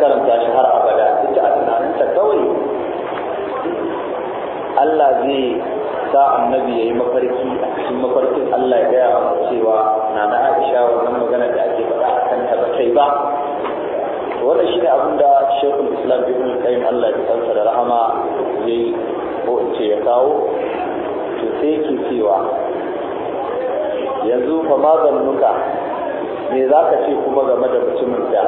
karanta shi har abada ita a tunaninta kawai Allah zai sa annabi ya yi mafarki a cikin mafarkin Allah ya gaya masa cewa na na Aisha wannan magana da ake faɗa a kanta ba kai ba wannan shine abin da Sheikh Islam Ibn Qayyim Allah ya tsara da rahama yayi ko in ce ya kawo to sai ke cewa yanzu fa ma zannuka me za ka ce kuma game da mutumin da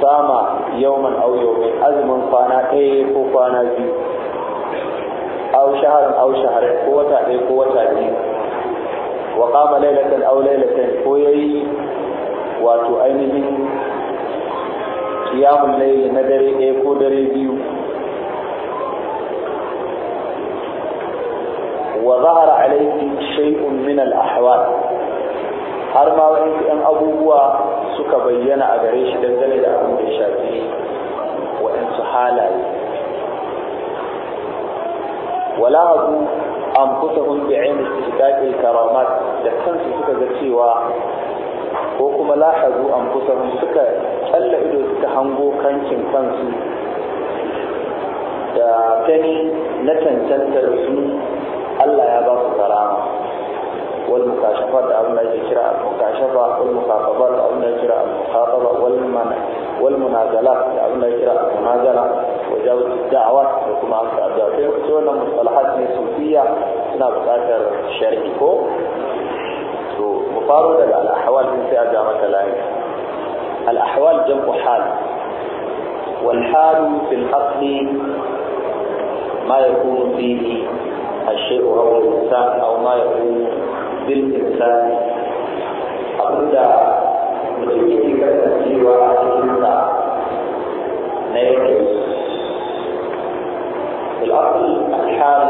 ساما يوما او يومي ازم فانا اي فو فانا زي او شهر او شهر قوتا اي قوتا دي وقام ليلة او ليلة فويري واتو اينه قيام الليل ندري اي قدري ديو وظهر عليك شيء من الاحوال هرما وانت ان ابوه suka bayyana a gare shi dangane da abin da ya shafi waɗansu halaye wala abu an kusa hun bi ainihin istihqaqil karamat da kansu suka ga cewa ko kuma lahazu an kusa hun suka kalla ido suka hango kankin kansu da gani na cancantar su Allah ya ba su karama والمكاشفات أو لا المكاشفة والمخاطبات أو لا المخاطبة والمنع والمنازلات أو لا المنازلة وجاوز الدعوة وكما أنت أبدأتين وكسونا مصطلحات نسوفية هنا بقاتل شريكو مطاردة الأحوال من فئة جامعة الآية الأحوال جمع حال والحال في الأصل ما يكون فيه الشيء أو الإنسان أو ما يكون jirkinsa abinda mutum yake kasancewa a cikinsa na yake الأصل الحال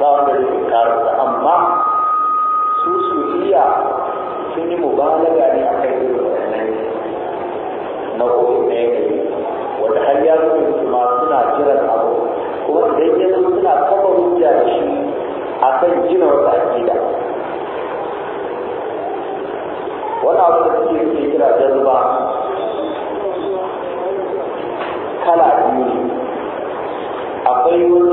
ba wanda zai tunkarar amma su iya sun yi mubalaga ne a kai irin wannan nau'o'in na yanayi wanda har ya zo su ma suna jiran abu kuma idan ya zo suna kafa hujja da shi a kan gina wata aƙida wani abu da suke suke kira jazba kala biyu ne akwai wani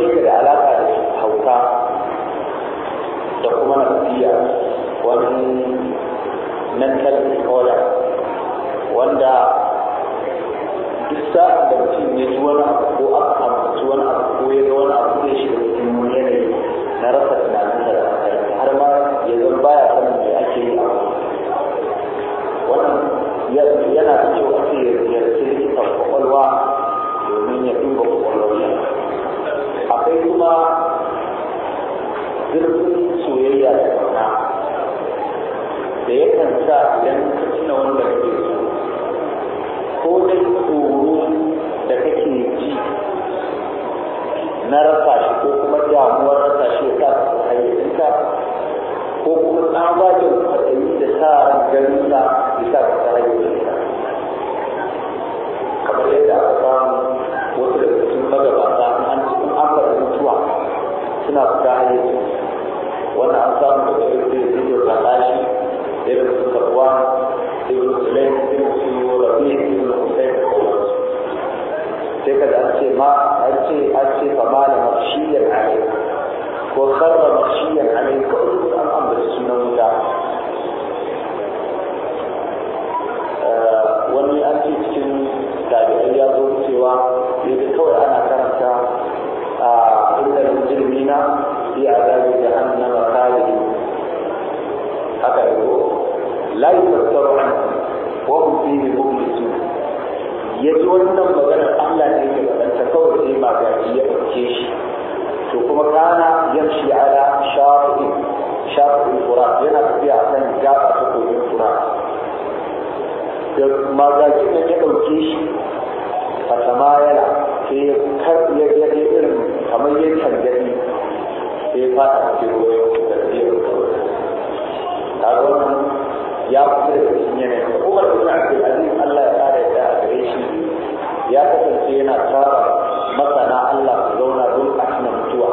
kasance yana tara masana Allah su zauna don a cikin mutuwa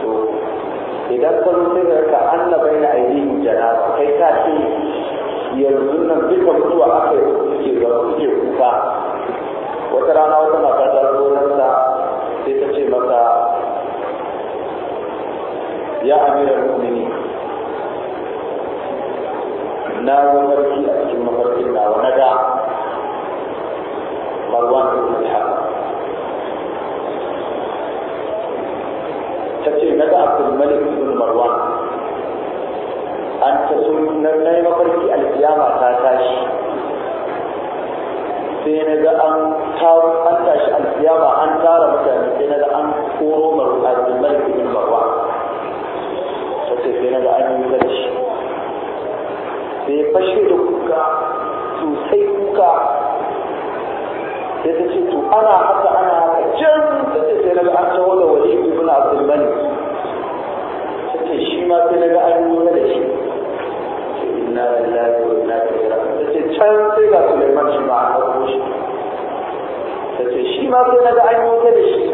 to idan ka zo sai ka Allah bai na aiki jana kai ka ce yanzu nan duka mutuwa aka suke ga suke kuka wata rana wata mata ta zo nan sa sai ta ce masa ya amira mu'mini na mafarki a cikin mafarkin nawa na da مروان بن الحارث تتي مدى عبد الملك بن مروان أن تسوي نبني مقرتي القيامة تاتاش sai na ga an taro an tashi alkiyama an tara mutane sai na ga an koro maru a zimbar ibn barwa ta ce sai na ga an yi zarci sai fashe da kuka sosai kuka sai ta ce to ana haka ana haka can ta ce sai daga an tawo da wali ibn abdul ta ce shi ma sai daga an nuna da shi inna lillahi wa inna ilaihi ta ce can sai ga Sulaiman shi ma an hawo shi ta ce shi ma sai daga an nuna da shi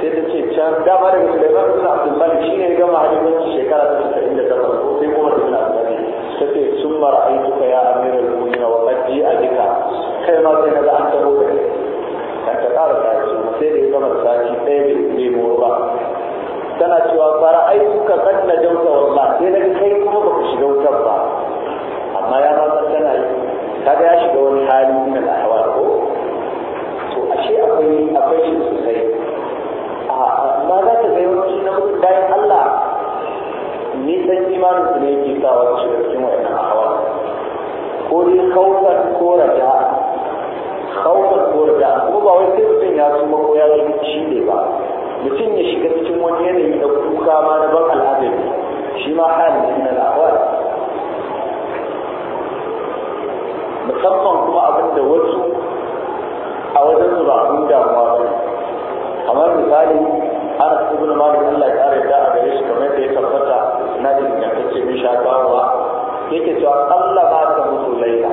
sai ta ce can dama daga Sulaiman ibn abdul shi ne gama hadisin shekara ta ko sai kuma da Sulaiman ta ce sun mara aituka ya amiral mu'minin wa qad a bika kai ma sai na ga an tabo da kai kan ta ƙara tashi sai da ya gama tashi ɗaya bai nemo ba tana cewa fara aikuka kan na jauta wallah sai na kai kuma ba ku shiga wutar ba amma ya ma san tana yi kaga ya shiga wani hali na lahawa ko to ashe akwai akwai shi sosai amma za ta zai wani na mutum bayan Allah ni san imanin su ne yake sa wani shiga cikin wa'annan hawa ko dai kautar ko raja'a kawunan korda kuma ba wai sai mutum ya suma ko ya zo shi ne ba mutum ya shiga cikin wani yanayi na kuka ma na ban al'adari shi ma halin na al'awar musamman kuma abin da wasu a wajen su ba kun damuwa ba kamar misali ana ibn malik Allah ya kare da a gare shi kamar da ya tabbata na da ingantacce min shafawa yake cewa Allah ba ta mutu laila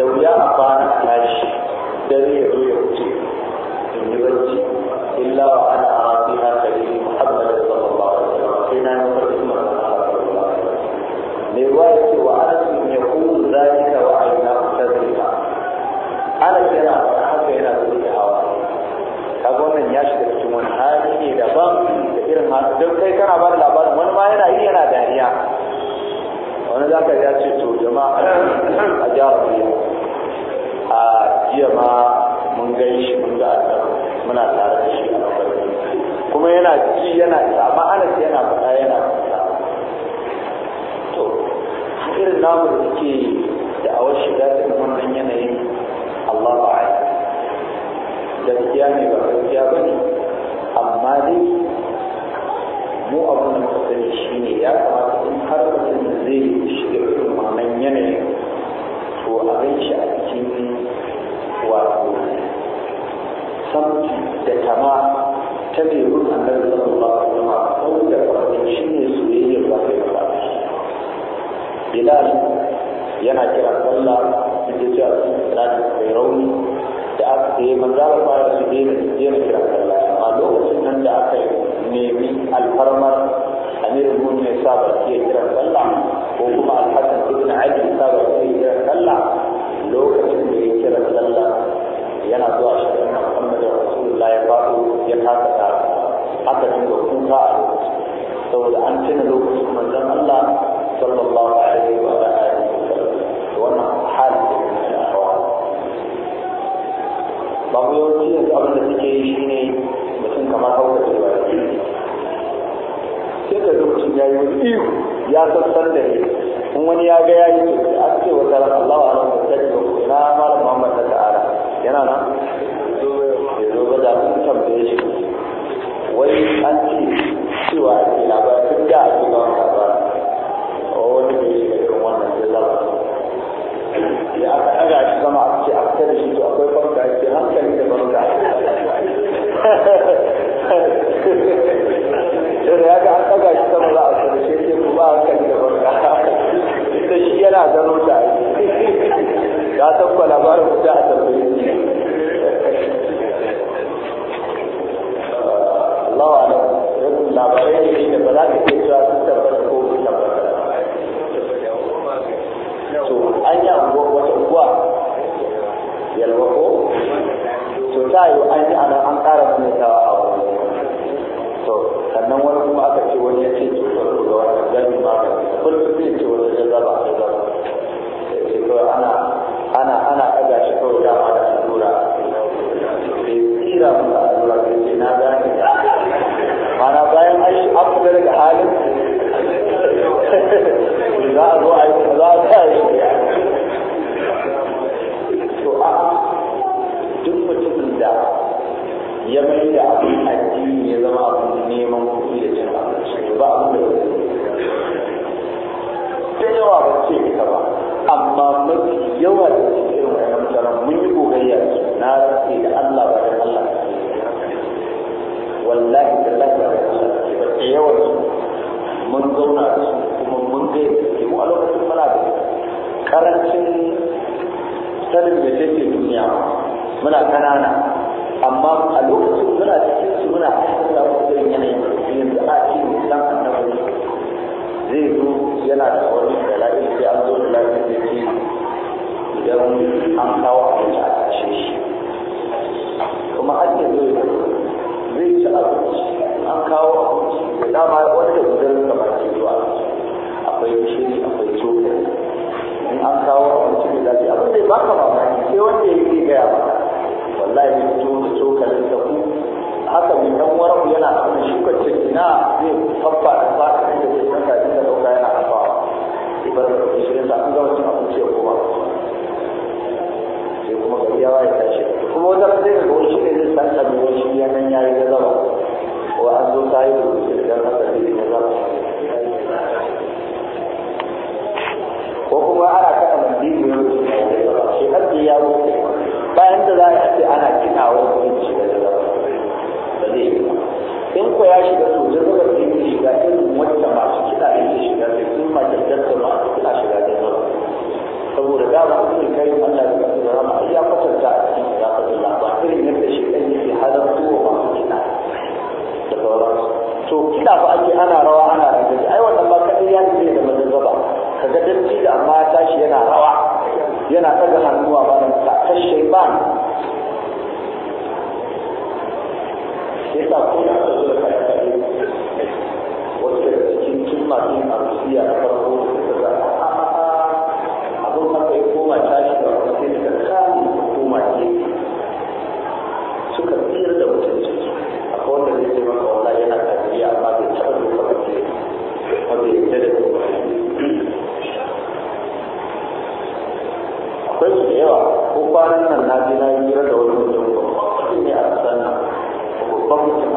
da wuya a bana tashi جميع يؤتي من يؤتي إلا وأن أعطيها سبيل محمد kuma bai da akwai da yawa ko kwanan nan na je na hira da ba ne a kasan nan babban mutum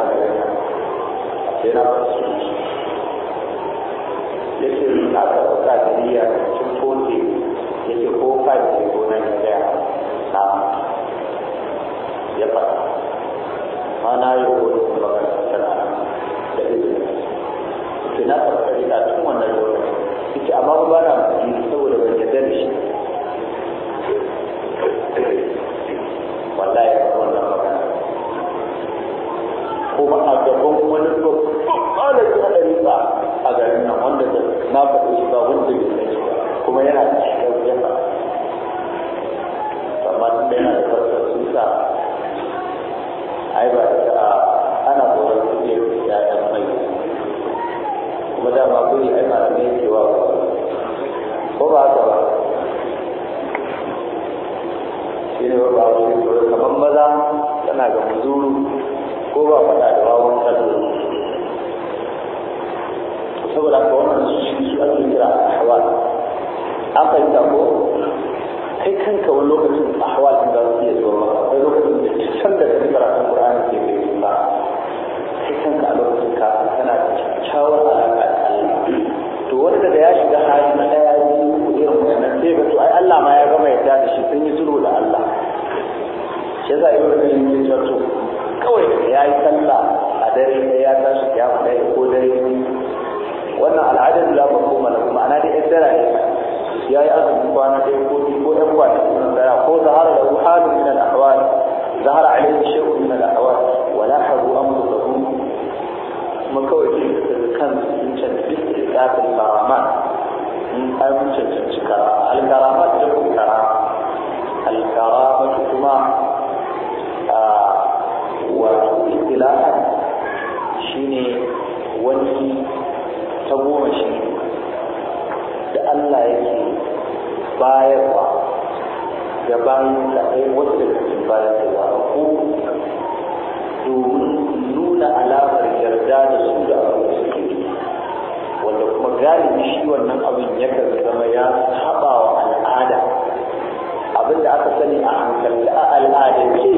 abin da aka sani a hankali a al'adance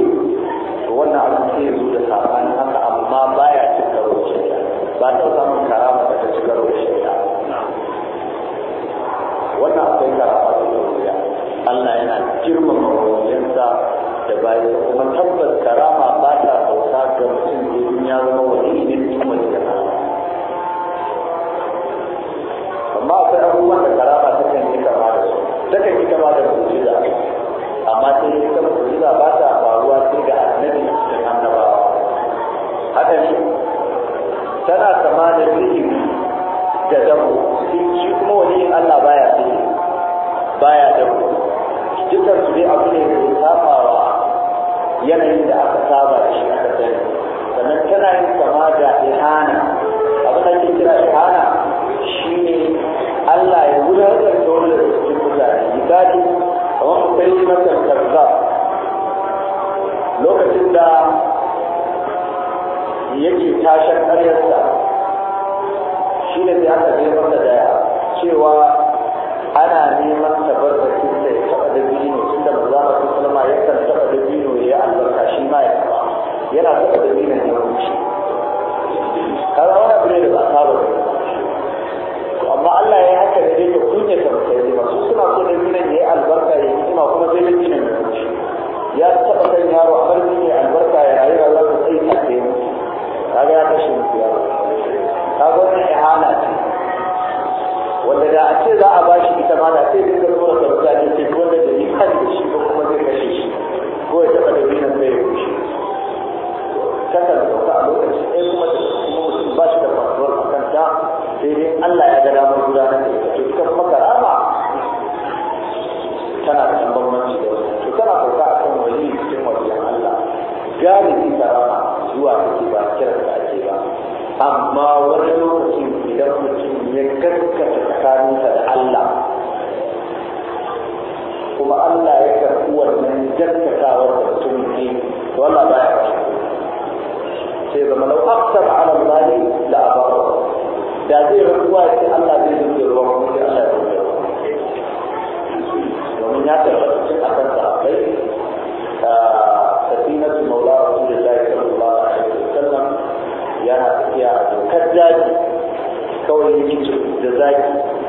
to wannan abin ke ya zo da sabani haka amma baya ci karo da ba ta samu karama da ta ci karo da shari'a wannan akwai karama da ruwaya Allah yana girmama wajensa da bayan kuma tabbas karama ba ta bauta ga mutum da ya zama wani ne tuma da amma akwai abubuwan da karama ta kan yi kama da su ta kan yi kama da amma sai ya ga mu'jiza ba ta faruwa sai ga annabi cikin annabawa haka ne tana kama da sihiri da dabo shi kuma wani yin Allah baya sihiri baya dabo dukkan su dai abu ne da safawa yanayin da aka saba da shi aka sani sannan tana yin kama da ihana abin da ke kira ihana مسيلمة الكذاب lokacin da yake tashar karyarsa shi ne sai aka je masa da cewa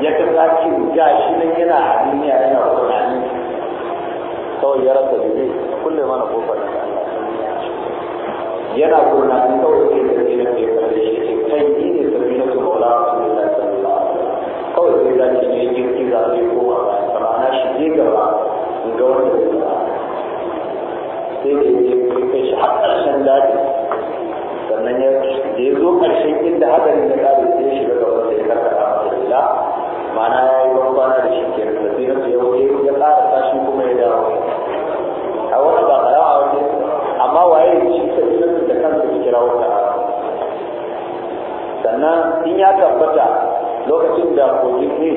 ya za ki ga shi nan yana a duniya yana tunani kawai ya rasa da zai kulle mana kofar da Allah yana tunani kawai ke da na ke kare shi ke kai yi ne sabbi na wala su ne ta sallah kawai zai za ki ne girki ki su yi a bayan samana shi ne gaba in ga wanda zai ba sai da ya kai shi har ƙarshen daji sannan ya zo ƙarshen inda hadarin mana ya yi bambana da shi ke da da yau ke ya tsara tashi kuma ya dawo a wani ba kara a wani amma waye shi ta tsirin da kansa ya kira wata sannan in ya tabbata lokacin da kogin ne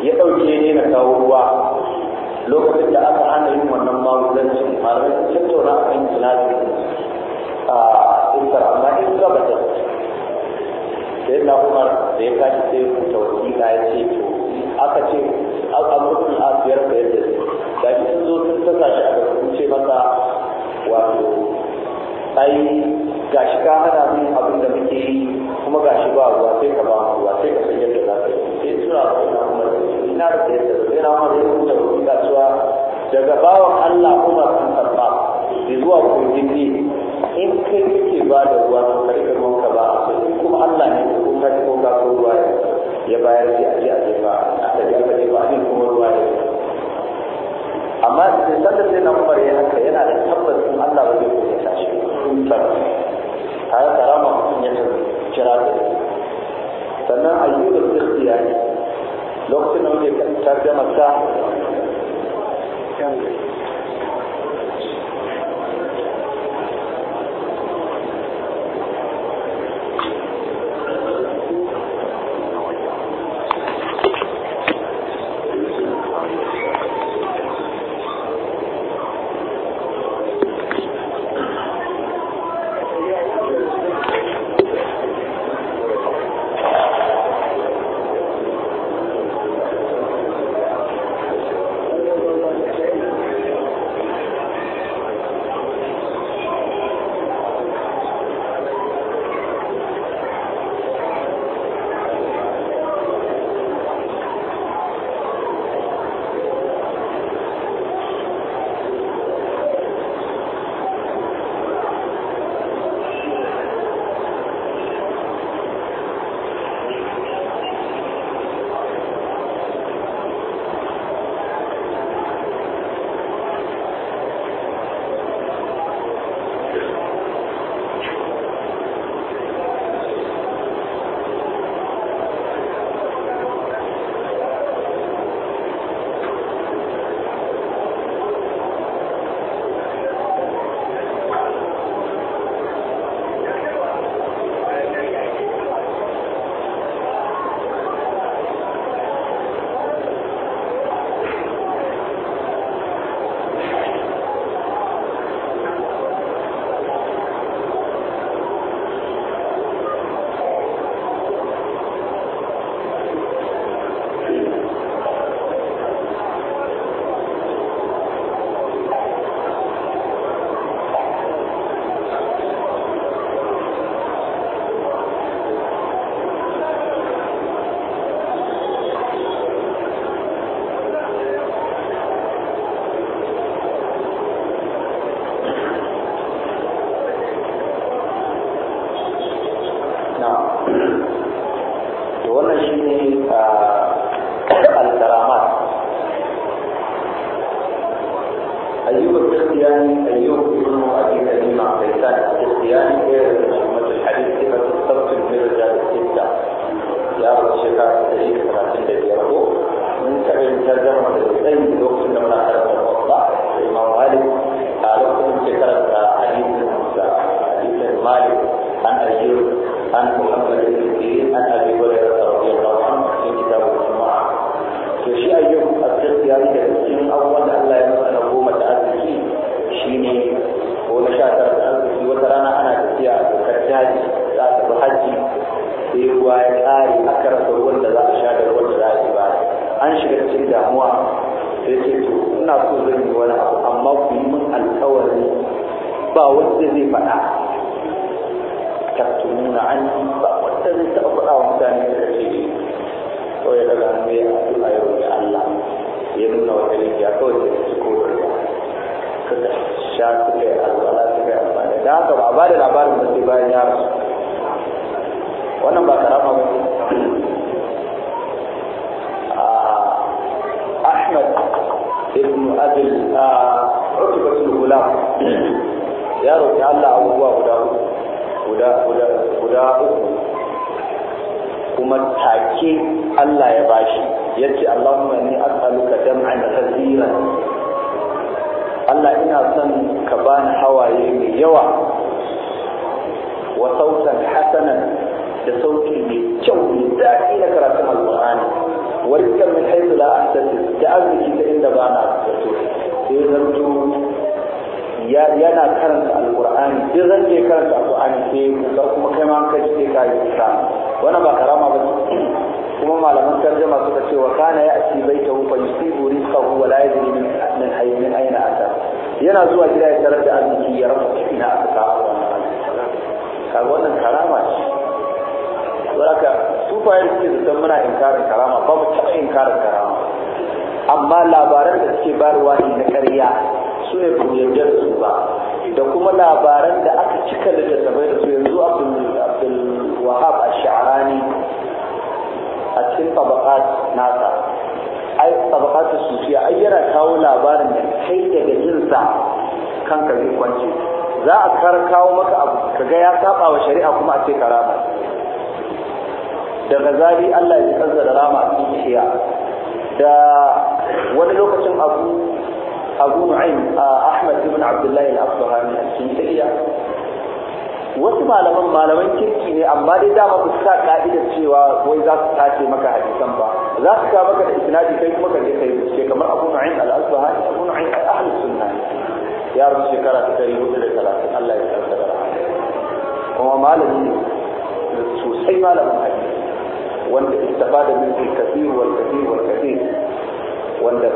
ya ɗauke ne na kawo ruwa lokacin da aka hana yin wannan magudancin malamai sun tattauna a kan jinazin a isra amma isra ba ta sai na umar da ya kashi sai rubuta wasiƙa ya ce aka ce al'amurkin a biyar da yadda da shi sun zo sun tasa shi a sun ce masa wato ai gashi ka hana min abin da muke yi kuma gashi ba ruwa sai ka ba ruwa sai ka san yadda za ka yi sai suna da ina kuma ina da yadda zai ina ma da yadda da ga cewa daga bawan Allah kuma sun karɓa zuwa kogin ne in kai kake ba da ruwa sun karɓi ruwanka ba a kuma Allah ne ko ka ko ka ruwa ya bayar sai a je a wa'adin kuma ruwa ya amma da sanda sai na umar ya haka yana da tabbacin allah ba zai kuma tashi tutar tare da rama mutum ya jira da sannan ayyukan ikhtiyari lokacin da muke tarjama sa ya roƙi Allah abubuwa guda guda guda uku kuma take Allah ya bashi yace Allahumma inni as'aluka yi kathiran Allah ina son ka bani hawaye mai yawa wa sautan hasanan da sauti mai kyau mai daɗi na karatun alƙur'ani wa rizqan min haythu la ahtasib da arziki ta inda ba na zato sai zanto yana karanta alkur'ani duk zan je karanta alkur'ani sai kusa kuma kai ma kai sai ka yi kusa wannan ba karama ba kuma malaman tarjama suka ce wa kana ya ci bai ta hufa yusibu rizqahu wa la yadri min hayyin aina ata yana zuwa gida ya tarar da arziki ya rasa ina aka kawo kaga wannan karama ce saboda sufayen suke san muna inkarin karama mu taɓa inkarin karama amma labaran da suke bayarwa ne na ƙarya su ne ba mu su ba da kuma labaran da aka cika littattafai da su yanzu abdul wahab a sha'arani a cikin tabakat nasa ai tabakat sufiya ai yana kawo labarin da kai daga jinsa kanka zai kwance za a kar kawo maka abu kaga ya saba wa shari'a kuma a ce ka karama Daga gazali Allah ya kansa da rama a cikin da wani lokacin abu abu nu'aym ahmad ibn abdullahi al-asbahani a cikin tafiya wasu malaman malaman kirki ne amma dai dama ba su sa ka'idar cewa wai za su tace maka hadisan ba za su kawo maka da isnadi kai kuma kaje kai bincike kamar abu nu'aym al-asbahani abu nu'aym ahlus sunna ya rubuta shekara ta dari hudu da talatin Allah ya karɓa da rahama kuma malami sosai malamin hadisi wanda istabada min al-kathir wal kathir wal kathir wanda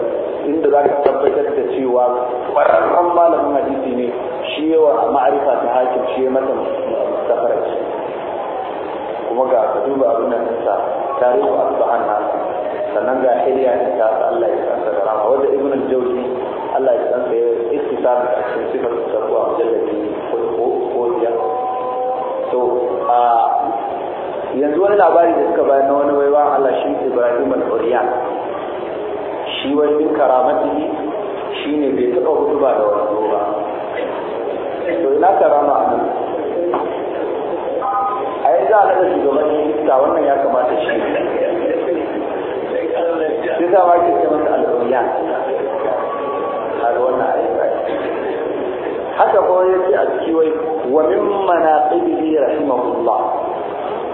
inda za ka tabbatar da cewa ƙwararren malamin hadisi ne shi yawa a ma'arifa ta hakim shi ya mata safarci kuma ga ka duba abin da nasa tarihu asbahan nasa sannan ga hiliya ta tasa Allah ya san da rama wanda ibn al-jawzi Allah ya san sai ittisal a cikin sifar sabuwa mujalladi ko ko ya to a yanzu wani labari da suka bayar na wani waiwa Allah shi Ibrahim al-Uriyan shi wani din karamatihi shi ne bai taɓa hutu ba da wato ba to ina karama a nan a yi za a naɗa shugaban ta wannan ya kamata shi sai za a wake ce masa al'uriya a ga wannan ayyuka haka kuma ya ce a ciki wai wa min manaqibihi rahimahullah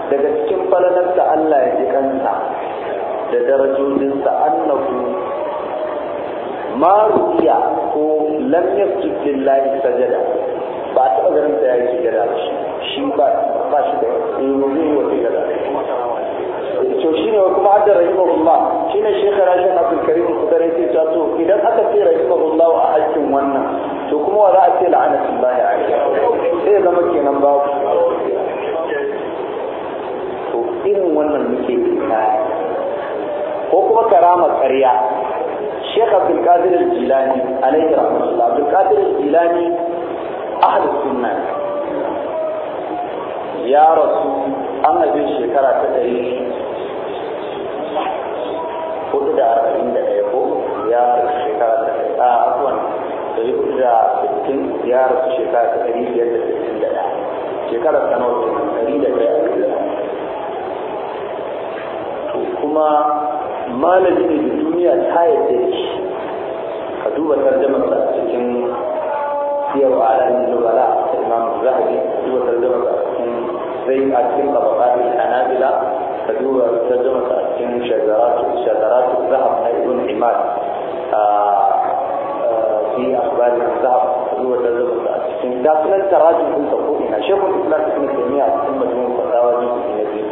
daga cikin falalar da Allah ya ji kansa da darajojinsa annahu ma rubiya ko lam yasjud lillahi sajada ba taɓa ganin ta yayi sujada ba shi shi ba ba shi da yi wa sujada to shi ne kuma hadda rahimahullah shine shekh Rashid Abdul Karim Kudare sai ta to idan aka fi ce rahimahullah a aikin wannan to kuma wa za a ce la'anatullahi alaihi sai zama kenan babu to irin wannan muke kaya ko kuma karama ƙarya Sheikh Abdul Qadir Al-Jilani alayhi rahmatullah Abdul Qadir Al-Jilani ahli sunna ya rasu an haife shekara ta ɗari hudu da arba'in da ɗaya ko ya rasu shekara ta ɗari a afuwan ɗari hudu da sittin ya rasu shekara ta ɗari biyar da sittin da ɗaya shekara ta nawa ɗari da ɗaya To kuma malami ne duniya ta yadda da shi ka duba tarjamar sa cikin siyar wa alamin nubala da imam zahabi duba tarjamar sa cikin zai a cikin tabaqatul anabila ka duba tarjamar sa cikin shajaratu shajaratu zahab na ibn imad في أخبار الذهب هو تزوج الداخل التراجم في تقولنا شيخ الإسلام ابن تيمية ثم جمهور فتاوى في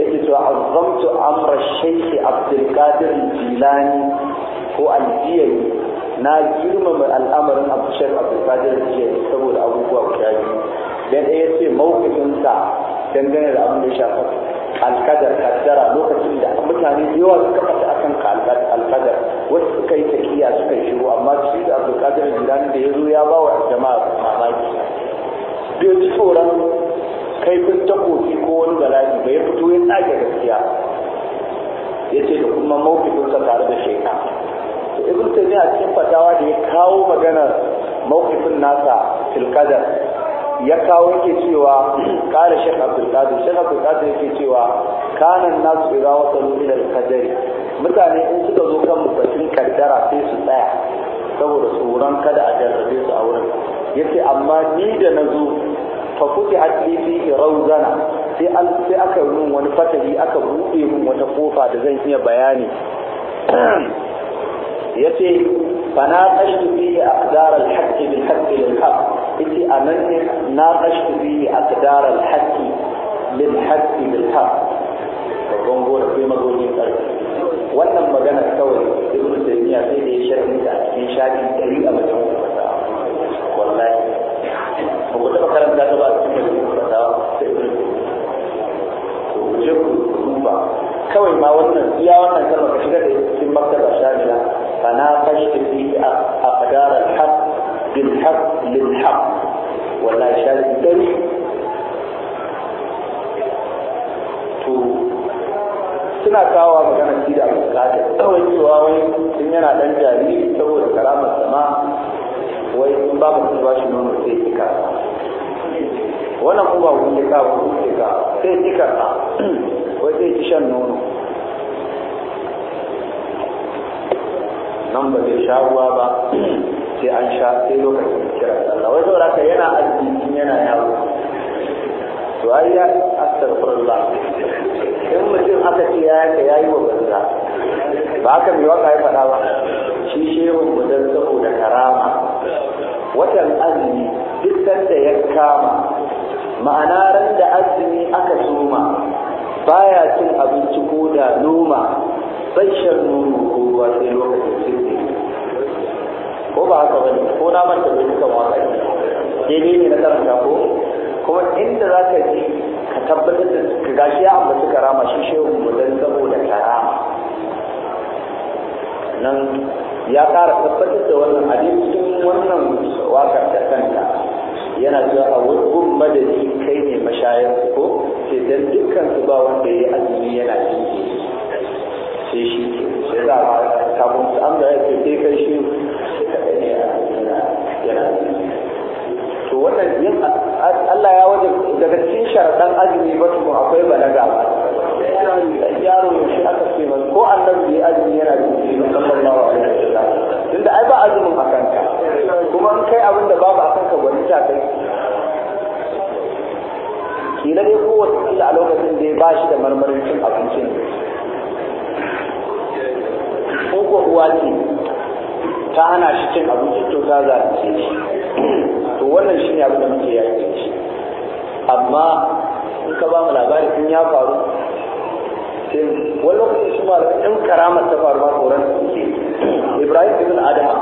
yake cewa azzamtu amra shaykh abdul qadir jilani ko aljiyani na girmama al'amarin abu shaykh abdul qadir jilani saboda abubuwa guda biyu dan ɗaya ce mawqifinsa dangane da abin da ya shafa alkadar kaddara lokacin da mutane da yawa suka fata akan alkadar wasu suka yi takiya suka shiru amma shi da abdul qadir jilani da ya zo ya ba wa jama'a mamaki bai tsoron kaifin takobi ko wani galabi bai fito ya tsage gaskiya ya ce da kuma sa tare da shaitan to ibn taymiya a cikin fatawa da ya kawo maganar mawkifin nasa tilkadar ya kawo yake cewa kare shek qadir shek qadir yake cewa kanan nasu idza wasalu ila alqadari mutane in suka zo kan mutacin kaddara sai su tsaya saboda tsoron kada a jarrabe su a wurin yace amma ni da na zo. fa kuti hadli fi rawzana sai sai aka yi wani fatahi aka buɗe mun wata kofa da zan iya bayani yace fa na qashtu fi a al-haqq bil haqq lil haqq yace anan ne na qashtu fi a al-haqq lil haqq bil haqq babban gora sai magogin karfi wannan magana kawai ibnu taymiya sai da ya sharhi ta cikin shafi ɗari a majalisa wallahi ba ku taɓa karanta ta ba a cikin da ta sai ku je ku duba kawai ma wannan iya wannan kalmar ka shiga da cikin maktaba shamila fa na fashi fi aqdar al-haq bil haq lil haq wallahi shamil dai to suna kawo magana shi da alƙada kawai cewa wani tun yana dan jariri saboda karamar sama wai in ba mutum ba shi nono sai tika wannan kuma wani ya kawo wani tika sai tika sa wai sai ci shan nono nan ba zai sha ruwa ba sai an sha sai lokacin kira sallah wai saboda ka yana addini yana yawo to ai ya astaghfirullah in mutum aka ce ya yaka yayi wa banza ba aka mai waka ya faɗa ba shi shehun budan saboda kara watan azumi duk sanda ya kama ma'ana ran da azumi aka soma baya cin abinci ko da noma sai shan nono ko ruwa sai lokacin sirri ko ba haka bane ko na manta da duka waka ne daidai ne na karanta ko kuma inda za ka je ka tabbatar da ka gashi ya ambaci karama shi shehu mudan saboda karama nan ya ƙara tabbatar da wannan a wannan wakar da kanta yana cewa a wurin madadi kai ne mashayar ko sai dan dukkan su ba wanda ya azumi yana cikin sai shi ke za a kafin su an da ya kai kai shi yana to wannan yin Allah ya wajen daga cikin sharaɗan azumi ba tukun akwai balaga ba saboda yaro shi aka ce mai ko annabi ya azumi yana da shi sallallahu alaihi wasallam tunda ai ba azumin akan ka kuma in kai abin da babu akan ka gwani ta kai kila dai kowace sallah a lokacin da ya ba shi da marmarin cin abincin ko ko uwa ce ta hana shi cin abinci to ta zalunce shi to wannan shi ne abin da muke yaki shi amma in ka ba mu labari in ya faru ce wani lokacin shi malamin ɗan karamar ta faruwa koran suke ibrahim ibn adama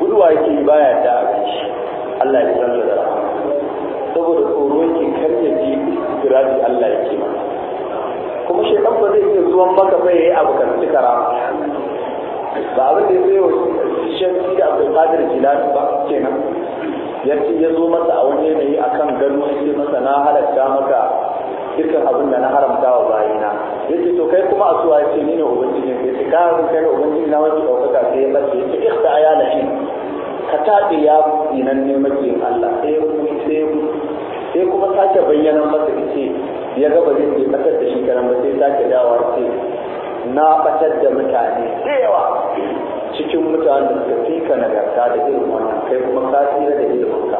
guduwa yake yi baya da abin allah ya san da saboda tsoro yake karya ji istirafi allah ya ke masa kuma shi ba zai iya zuwan maka bai yi abu kan ci karama ba abin da ya zai wa shan da abin kadir jilani ba kenan ya ya zo masa a wani yanayi akan gano ya ce masa na halatta maka dukkan abin da na haramta wa bayina yace to kai kuma a yace ce ne ubangiji ne yace ka mun kai ubangiji na wace daukaka sai ya bace yace ikhta ayala shi ka tabe ya nan ne mace Allah sai ku sai ku sai kuma sake bayyana masa ce ya ga ba zai ke fatar da shi karan ba sai sake dawa ce. na ɓatar da mutane da yawa cikin mutanen da suka fika nagarta da irin wannan kai kuma ka tsira da ilimin ka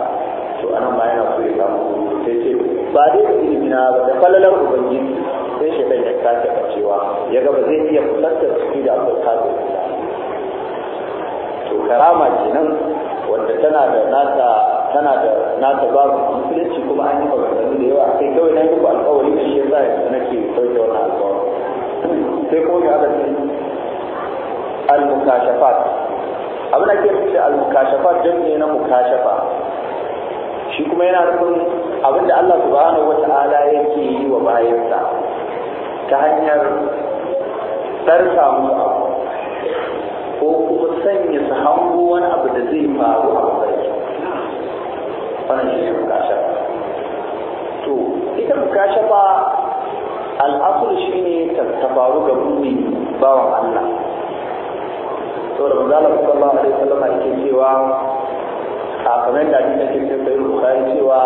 to anan ma yana so ya samu sai ce ba dai da ilimi na ba da falalar ubangiji sai shi ya kace cewa ya ga ba zai iya kusantar su da abdul kadir to karama kenan wanda tana da nata tana da nata babu musulunci kuma an yi maganganu da yawa sai kawai na yi ba alƙawari da shi yasa yanzu nake sauke wani alƙawari sai kuma ga aka ce al-mukashafat abin da ke nufi da al-mukashafat jami'i na mukashafa shi kuma yana nufin abinda Allah subhanahu wata'ala yake yi wa bayansa ta hanyar tsarka musu ko kuma sanya su hango wani abu da zai faru a mafarki wannan shi ne bukasha to ita bukasha ba al'asul shi ne ta faru ga mummi bawan Allah saboda manzala sallallahu alaihi wasallam yake cewa a kamar da ake cikin sayar bukhari cewa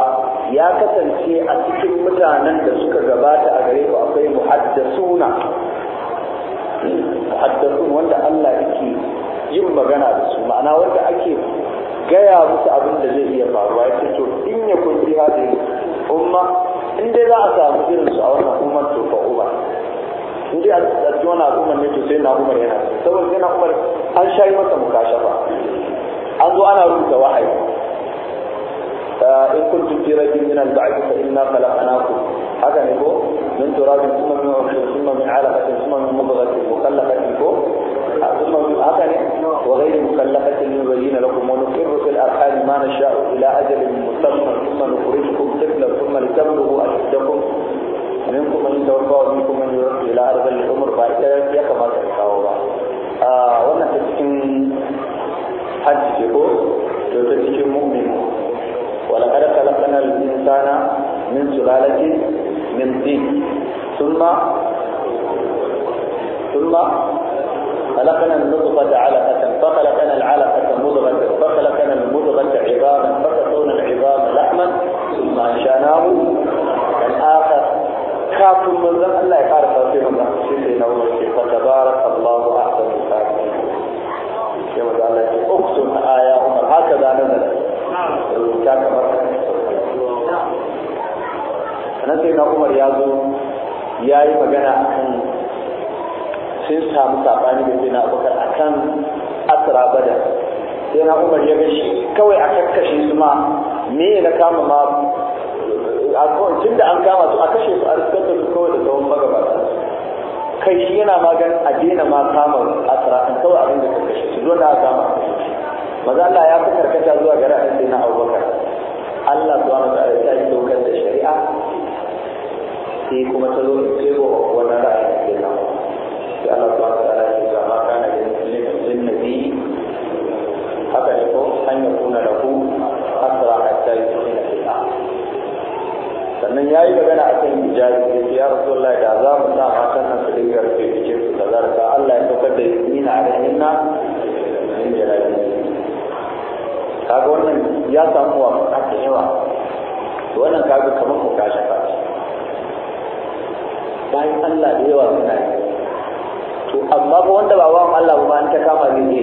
ya kasance a cikin mutanen da suka gabata a gare ku akwai muhaddasuna muhaddasun wanda Allah yake yin magana da su ma'ana wanda ake gaya musu abin da zai iya faruwa ya to in ya kun fi hadin umma in dai za a samu irin su a wannan umar to fa uba in dai a cikin wannan al'ummar ne to sai na umar yana saboda sai na umar an shayi masa mukashafa an zo ana rubuta wahayi فإن كنت في ريب من البعث فإنا خلقناكم هذا نبو من تراب ثم من عشر ثم من علقة ثم من مضغة مخلقة ثم من أغنى وغير مخلقة نبين لكم ونقر في الأرحام ما نشاء إلى أجل مسمى ثم نخرجكم طفلا ثم لتبلغوا أشدكم منكم من يتوفى ومنكم من يرد إلى أرض العمر فإذا يكما تتكاوى آه، وانا تتكين حج تقول تتكين مؤمن خلقنا الإنسان من سلالة من طين ثم ثم خلقنا النطفة علقة فخلقنا العلقة مضغة فخلقنا المضغة عظاما فخلقنا العظام لحما ثم أنشأناه الآخر كافر من ذا الله يعرف فيهم سيدنا فتبارك الله أحسن الخالقين كما قال اكتب عمر هكذا نزل نعم. كان nan sai na umar ya zo ya yi magana a kan sun samu saɓani da sai na abokan a kan asira bada sai na umar ya gashi kawai a kakkashe su ma me na kama ma a kawai tun da an kama su a kashe su a rikar da su kawai da tsawon magabata kai shi yana magan a daina ma kama asira an kawai abin da kakkashe su zo na kama maza Allah ya fi karkata zuwa gara sai na abubakar Allah zuwa wa ta yi dokar da shari'a sai kuma ta zo in ce wannan ra'ayi da ke nan sai Allah subhanahu wa ta'ala ya ce ma kana da muslimin nabi haka ne ko an yi kuna da ku asra hatta yi kuma na fi'a sannan ya yi magana a kan hijabi ya ce ya rasulullahi da za mu sa matan nan su dinga rufe cikin su da zarta Allah ya saukar da yasmina a na min jalabi kaga wannan ya samu wa aka yawa wannan kaga kamar mu kashe kashi bayan Allah da yawa suna yi to amma ba wanda ba wa Allah ba an ta kama ne ne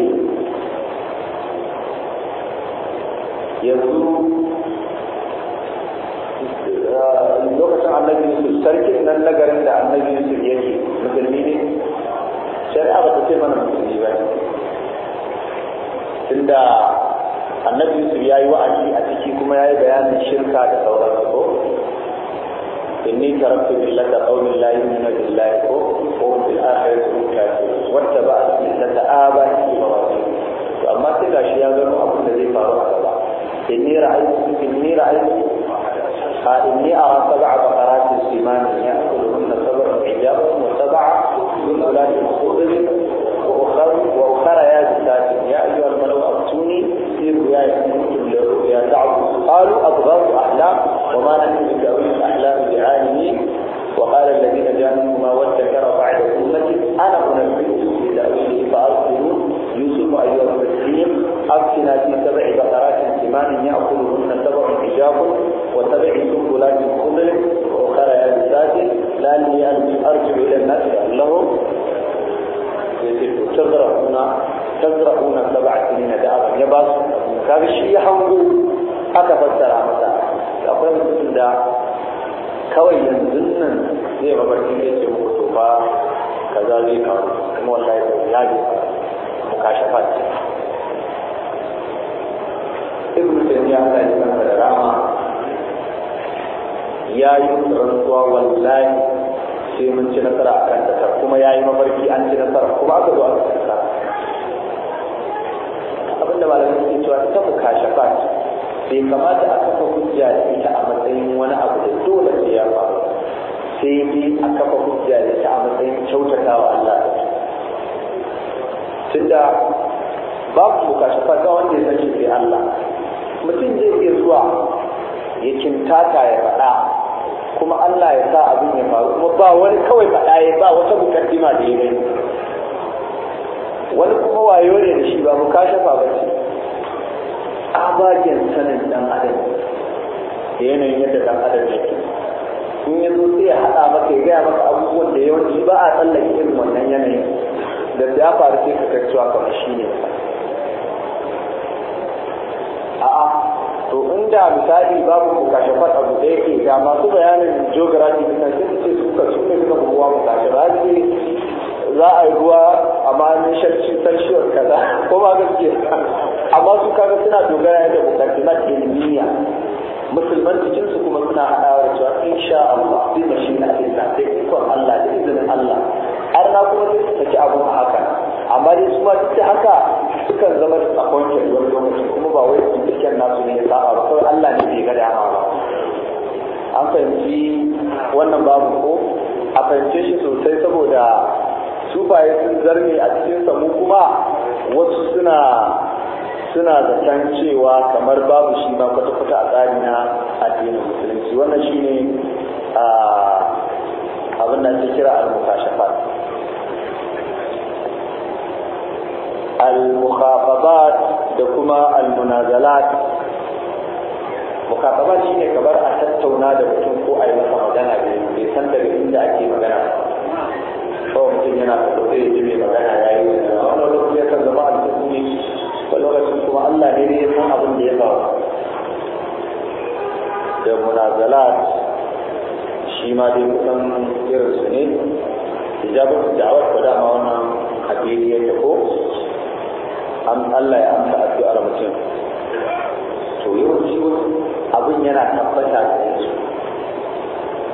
yanzu lokacin annabi Yusuf sarkin nan na garin da annabi Yusuf yake musulmi ne shari'a ba ta ce mana musulmi ba tunda annabi Yusuf ya yi wa'azi a ciki kuma ya yi bayanin shirka da sauran ko إني تركت ملة قوم لا يؤمنون بالله وهم في الآخرة هم كافرون واتبعت ملة آبائي إبراهيم فأما تكاشي غير أبو الذي فاروق تبع إني رأيت إني رأيت إني أرى سبع بقرات سمان يأكلهن سبع عجاب وسبع tunda babu bukashi fata wanda ya san shi sai Allah mutum zai iya zuwa ya kintata ya faɗa kuma Allah ya sa abin ya faru kuma ba wani kawai faɗa ya ba wata mukaddima da ya gani wani kuma wayo ne da shi ba mukashafa ba ce abagen sanin dan adam da yanayin yadda dan adam ke in ya zo sai ya haɗa maka ya gaya maka abubuwan da yawanci ba a tsallake irin wannan yanayin da ya faru sai ka kai cewa kamar shi ne a'a to inda misali babu mukashafar abu da yake da masu bayanin geography bisa sai ce suka su ne suka buwa mukashafar za a yi ruwa amma mani sharci sarshiyar kaza ko ba gaske amma su kaga suna dogara da na ilmiya musulman cikin su kuma suna haɗawa da cewa insha Allah bi mashi'atillah da ikon Allah da izinin Allah har na kuma zai ta saki abin a haka amma dai su ma duk da haka sukan zama da tsakonkin wani lokaci kuma ba wai binciken nasu ne ya a ba kawai Allah ne bai ga dama ba an fahimci wannan babu ko a fahimce shi sosai saboda sufaye sun zarme a cikin samu kuma wasu suna suna zaton cewa kamar babu shi ma kwata-kwata a tsari na addinin musulunci wannan shine a ah, abin da ake kira al-mukashafat al-mukhafabat da kuma al-munazalat mukhafabat shine kamar a tattauna da mutum ko a yi masa magana da bai san daga inda ake magana kawai mutum yana fito sai ya ji mai magana ya yi wani lokaci ya kan zama al-tasmi wani lokacin kuma Allah ne ya san abin da ya faru da munazalat shi ma dai kusan irin su ne ijabatu da'awar ko dama wannan hadiri ya ko an Allah ya amsa addu'ar mutum to yawanci abin yana tabbata da yanzu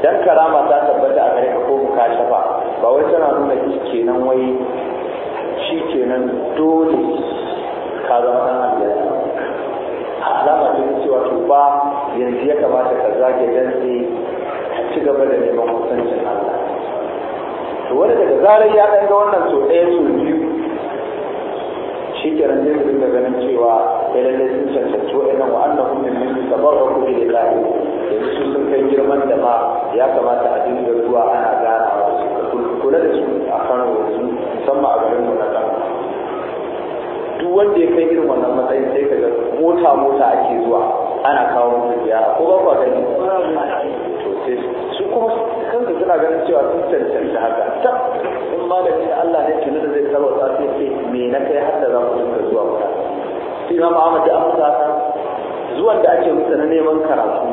dan karama ta tabbata a gare ka ko mukashafa ba wai tana nuna shi kenan wai shi kenan dole ka zama dan aljanna a alama ce cewa to ba yanzu ya kamata ka zage dantse ci gaba da neman kusancin Allah to wani daga zarar ya ɗan ga wannan so ɗaya su biyu shi ke nan zai ganin cewa ya lalle sun cancanci wa'annan wa'annan kullum min tabarra ku bi lillahi yanzu su sun kai girman da ma ya kamata a dinga zuwa ana ganawa da su kula da su a karin wasu musamman a garin mu na duk wanda ya kai irin wannan matsayin sai ka ga mota mota ake zuwa ana kawo mutum ziyara ko ba kwa gani kuma kanka suna ganin cewa sun cancanta haka ta in ma da Allah ne tuni da zai saba ta sai ce me na kai har da za ku dinka zuwa wuta sai ma Muhammad da amsa ta zuwan da ake musu na neman karatu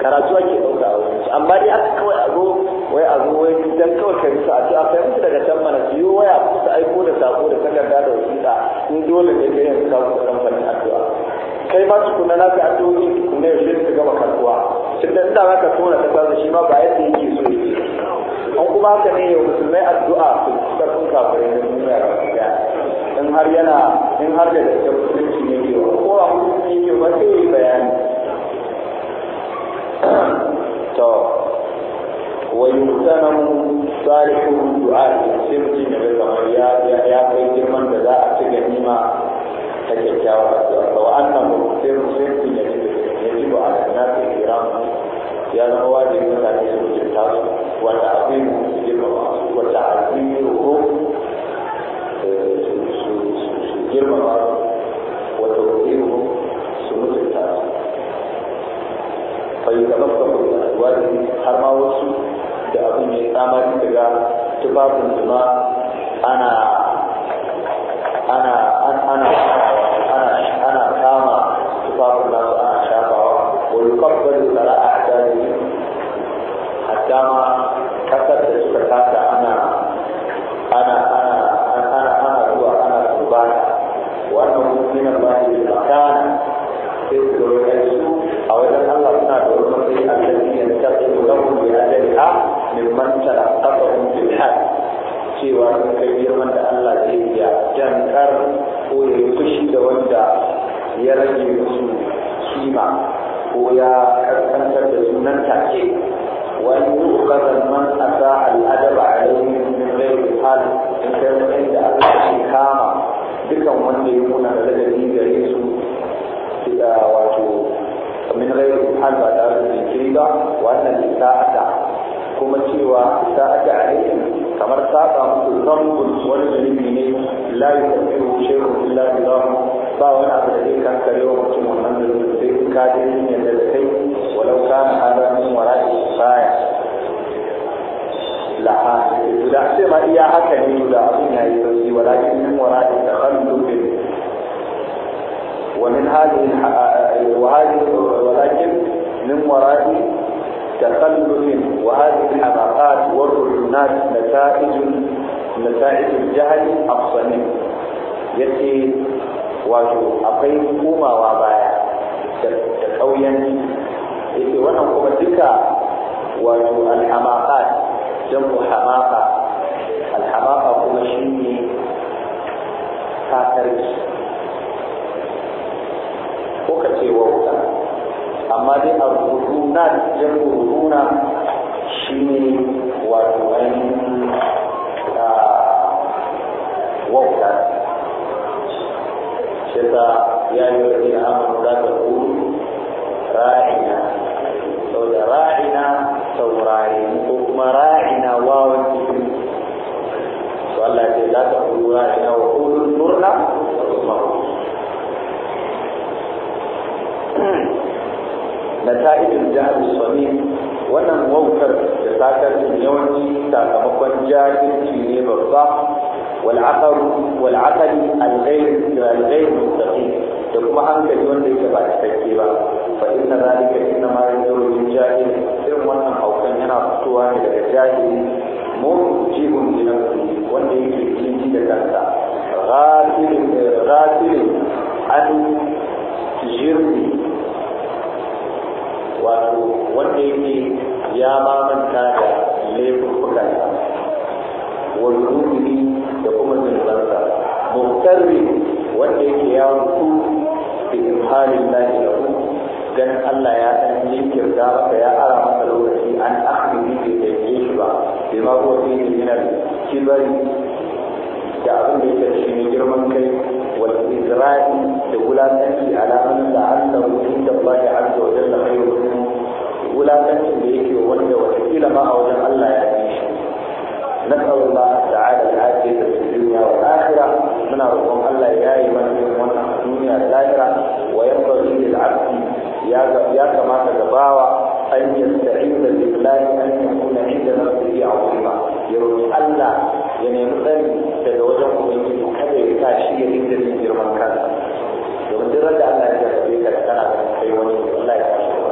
karatu ake dauka a wurin amma dai aka kawai a zo wai a zo wai dan kawai ka bisa a ce a kai musu daga can mana biyo waya musu aiko da sako da takarda da wasiƙa in dole ne ga yanzu ka kamfanin addu'a kai ma tukuna na ka addu'o'i tukuna yaushe ka gama karkuwa tunda inda za ka tona ta sasa shi ma ba yadda yake so yake an kuma haka ne yau musulmai addu'a su sun kafirai da duniya ga gaskiya in har yana in har da gaske musulunci ne yau ko a musulmi ne ba sai yi bayani to wa yusanamu salihun du'a sai mutum ya ga kamar ya kai girman da za a ci ganima ta kyakkyawa addu'a to annan mutum sirri ya ji ya ji ba ala nasu kiram ya zama wajibi mutane su mutunta su wata abin su girmama eh, su wata abin ko su girmama su wata abin su mutunta su bai zama saboda wajibi har ma wasu da abin ya tsamari daga tufafin su ma ana mimman talaqafahum fil hal cewa kai girman da Allah zai iya dankar ko ya yi fushi da wanda ya rage musu kima ko ya karkantar da sunan take wani yuqadan man asa al'adab alayhi min ghairi hal in kai mutum da Allah ke kama dukan wanda ya kuna da ladabi gare su wato min ghairi hal ba tare da jinkiri ba wannan ta. kuma cewa isa aka alaihim kamar saba musu zambun wani zunubi ne la yi tafiyo shehu illa billah ba wani abu da zai kare wa mutum wannan da sai in ka je yin yadda da kai walau kana hada min wara'i baya laha da sai ma iya haka ne da abin ya yi sauki walakin min wara'i takhallufin ومن هذه وهذه ولكن من وراء تقلب وهذه الحماقات والرجونات نتائج نتائج الجهل أفصني يتي wato akwai komawa baya da ƙauyanci yake wannan kuma duka wato alhamaqat jamu hamaqa alhamaqa kuma shine kakarci ko ka amma dai a rubutu na ya rubutu shi ne wato ainihin wauta shi ta ya yi wa ina amur da ta kuru ra'ina sau da ra'ina saurari ko kuma ra'ina wawan cikin su Allah ce za ta kuru ra'ina wa kurun murna ko kuma na ta'idin jihar sami wannan wautar da sakar yawanci sakamakon jahilci ne babba wal'akari wal'akari al'ayyar da al'ayyar mutane da kuma hankali wanda ya ba cikakke ba fa inna zalika inna ma yajurujin jahil irin wannan haukan yana fitowa ne daga jahil mu jibun jinan su wanda yake cikin jiga kansa ghafilin ghafilin an jirni wato wanda yake ya mamanta da laifuffukan wani rubini da kuma zunubansa ne wanda yake ya mutu da imhalin lafi da ku ganin Allah ya ɗan jinkirta masa ya ara masa lokaci an akhiri ya ke shi ba bai ma kuma sai da yana kibari da abin da yake shi ne girman kai والإجراء لولاته على أن لعله عند الله عز وجل خير ولاته بيك وولد وكيل ما أوجد الله يعيش نسأل الله تعالى العافية في الدنيا والآخرة من أرضهم الله يا إيمان من الدنيا ذلك وينبغي للعبد يا كما تتباوى أن يستعين بالله أن يكون عند نفسه عظيما يروي الله ya nemi tsari daga wajen ubangiji kada ya sa shi ya dinga jin girman kansa domin duk da Allah ya jarrabe ka kana da kai wani Allah ya kashe ba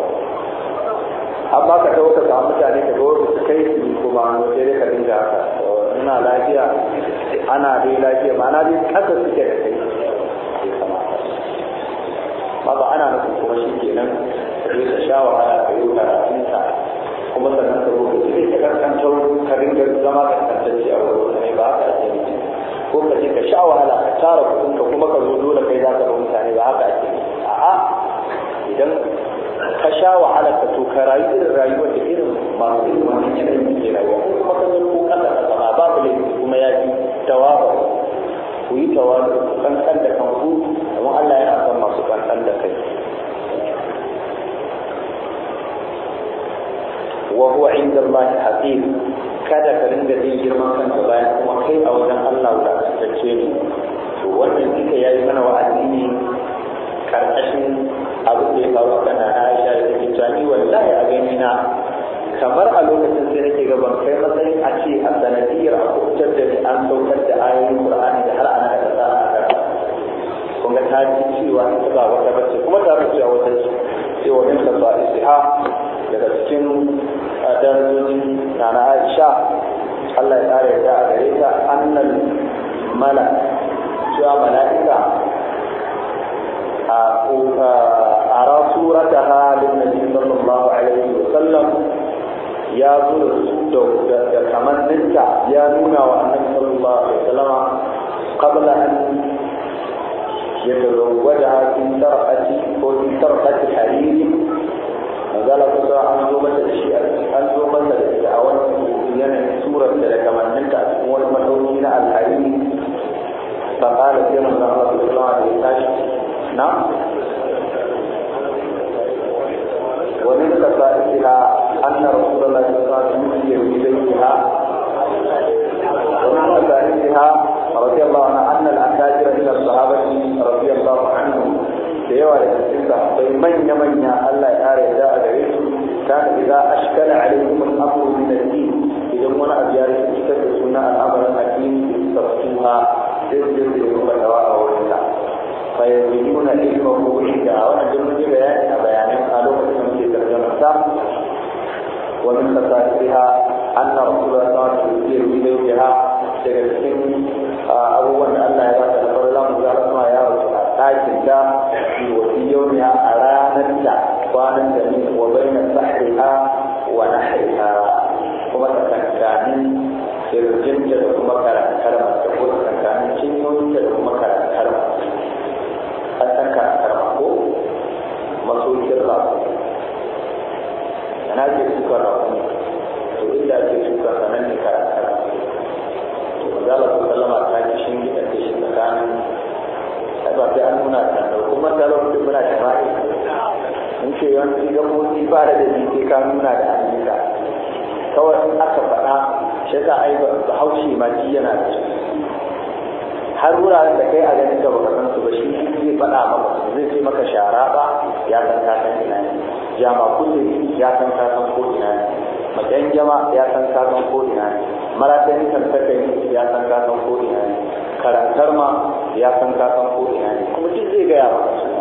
amma ka dauka ga mutane ka ga su kai su kuma sai dai ka dinga haka ina lafiya ana dai lafiya ma'ana dai kasa suke da kai ba ana nufin kuma shi kenan sai ka sha wahala ka yi wa karatunsa kuma sannan ka roƙa su ne ka kankanta ka ringa zama da kankantacce a wurin ne ba haka ake nufi ko ka je ka sha wahala ka tara kuɗin ka kuma ka zo dole kai za ka ga mutane ba haka ake nufi a'a idan ka sha wahala ka to ka rayu irin rayuwar da irin masu irin wannan yanayin ke rayuwa ko kuma ka zo ko ƙasa ka zama babu laifi kuma ya fi tawaba ku yi tawaba ku kankan da kanku domin Allah yana son masu kankan da kai wa huwa inda Allah hakim kada ka ringa jin girman kanka bayan kuma kai a wajen Allah wadatacce ne to wannan duka yayi mana wa'azi ne karkashin abin da ya faru kana Aisha da kike tani wallahi a gani na kamar a lokacin sai nake ga ban kai matsayin a ce a sanadiyar a kubutar da an saukar da ayoyin Qur'ani da har ana da a kasa kun ga ta ji cewa ta ba wata bace kuma ta fi cewa wata ce sai wa min ka ha. daga cikin danzoji na na aisha allah ya tsara yadda a gare ta annan mala cewa mala'ika a rasurata halin nabi sallallahu alaihi wasallam ya zo da da kamanninta ya nuna wa annabi sallallahu alaihi wasallama qabla an يتزوجها في سرقة وفي سرقة حرير magana kusa an zo mata da shi an zo mata da shi a wannan yanayin surar da kamanninta a cikin wani masauki na alharini ba ƙara sai mun zama su zama da ya tashi na wani kasa ila an na rasu da lafiya duniya bidaiha wani kasa ila رضي الله عنه أن الأكاجر من الصحابة رضي الله عنهم da yawa da cikin sa sai manya manya Allah ya kare da كان إذا أشكل عليهم الأمر من الدين إذا هنا أبيار اشتد سنة الأمر الحكيم يسترسلها جزء بهم الدواء والله فيزيدون علمه بالدعاء ونجم بيان بيان قالوا في ترجمة ومن خصائصها أن رسول الله صلى الله عليه وسلم يسير بها تجسم أبوا أن لا يرى الله مجرد ما الله تعالى في وفي يومها أرانتا tsakanin da ni wa bainar sahriha wa nahriha kuma tsakanin sirjin da kuma karantar masu ko tsakanin cinyoyin da kuma karantar masu a tsakar karmako masu yin rafi yana ke suka rafi to inda ke suka sanar da karantar masu to za a ku kalama ta ki shi ne a kishin tsakanin ba sai an nuna ta kuma ta lokacin muna shafa'i mun ce yawanci gabobi ba da dalili sai ka nuna da Amurka, kawai in aka faɗa shi za a haushe ma ji yana da ciki har wuraren da kai a ganin da baka san su ba shi zai faɗa maka zai ce maka shara ba ya san ka san ina ne jama kudin ya san ka san ko ina ne madan jama ya san ka san ko ina ne maratan kan sakai ya san ka san ko ina ne karantar ma ya san ka san ko ina ne kuma duk zai gaya maka su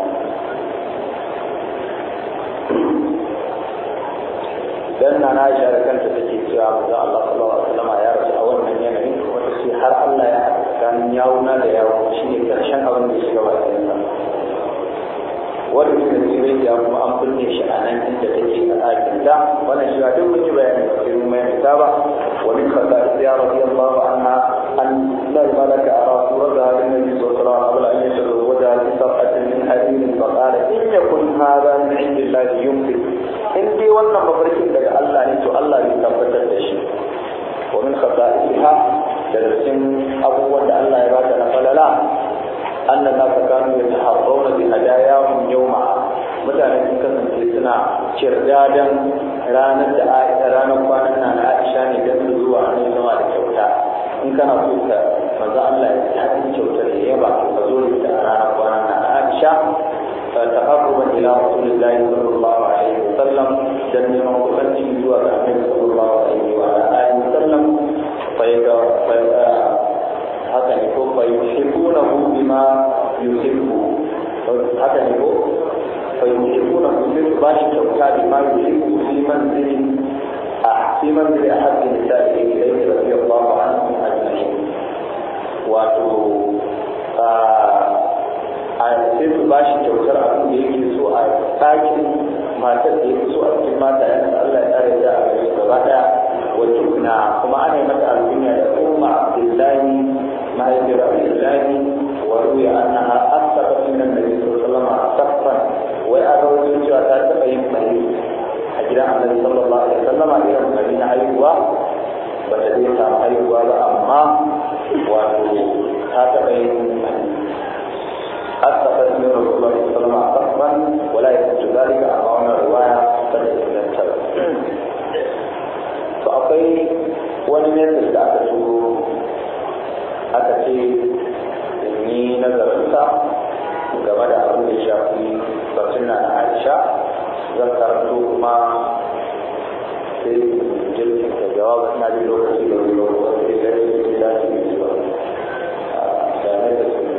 dan na na shi da take cewa manzo Allah sallallahu alaihi wasallam ya rasu a wannan yanayin wata shi har Allah ya kan yauna da yawo shi ne karshen abin da ya shiga bakin sa wanda suka tsire ya kuma an binne shi a nan inda take a ɗakin da wannan shi duk mun bayani ba sai mai ta ba wa min khasa'is ya radiyallahu anha an la malaka ara surata lin nabi sallallahu alaihi wasallam an yashru wajha bi min hadin fa qala in yakun hadha min indillahi yumkin in dai wannan mafarkin da Da Allah ne to Allah zai tabbatar da shi wa min khasa'isiha da cikin abubuwan da Allah ya ba bata na falala annan na ta kanu ya taharrauna bi hadayahum yawma mutane sun kasance suna kirdadan ranar da Aisha ranar kwanan na Aisha ne don su zuwa ne zama da kyauta in kana so ka manzo Allah ya tafi kyautar da yaba ka zo da ranar kwanan nan Aisha fa taqarruban ila rasulillahi sallallahu alaihi wa dan neman kusanci zuwa ga annabi sallallahu alaihi wa alihi wa sallam fa yaga fa fa yushikuna bima yuhibbu haka ne ko fa yushikuna bima bashi shi bima yuhibbu fi manzilin a fi manzilin nisa'i ilayhi radiyallahu anhu ajma'in wato a sai su ba shi kyautar abin da yake so a ɗakin matar da ya so a cikin mata yana Allah ya tsare da a gare gaba daya wacce kuna kuma ana yi mata alkunya da umma abdullahi mahaifiyar abdullahi wa ruya annaha asaba min annabi sallallahu alaihi wasallam wai a rawaito cewa ta taɓa yin bari a gidan annabi sallallahu alaihi wasallam irin bari na haihuwa ba ta zai samu haihuwa ba amma wato ta taɓa yin bari أثبت من رسول الله صلى الله عليه وسلم عقبا ولا يثبت ذلك أربعون رواية فتتمثل فأقي ولم يثبت أكثر أكثر ni nazarinsa game da abin da shafi batun na Aisha zan karanto kuma sai jirgin da jawabin na da lokaci da wani lokaci da ya yi da da yi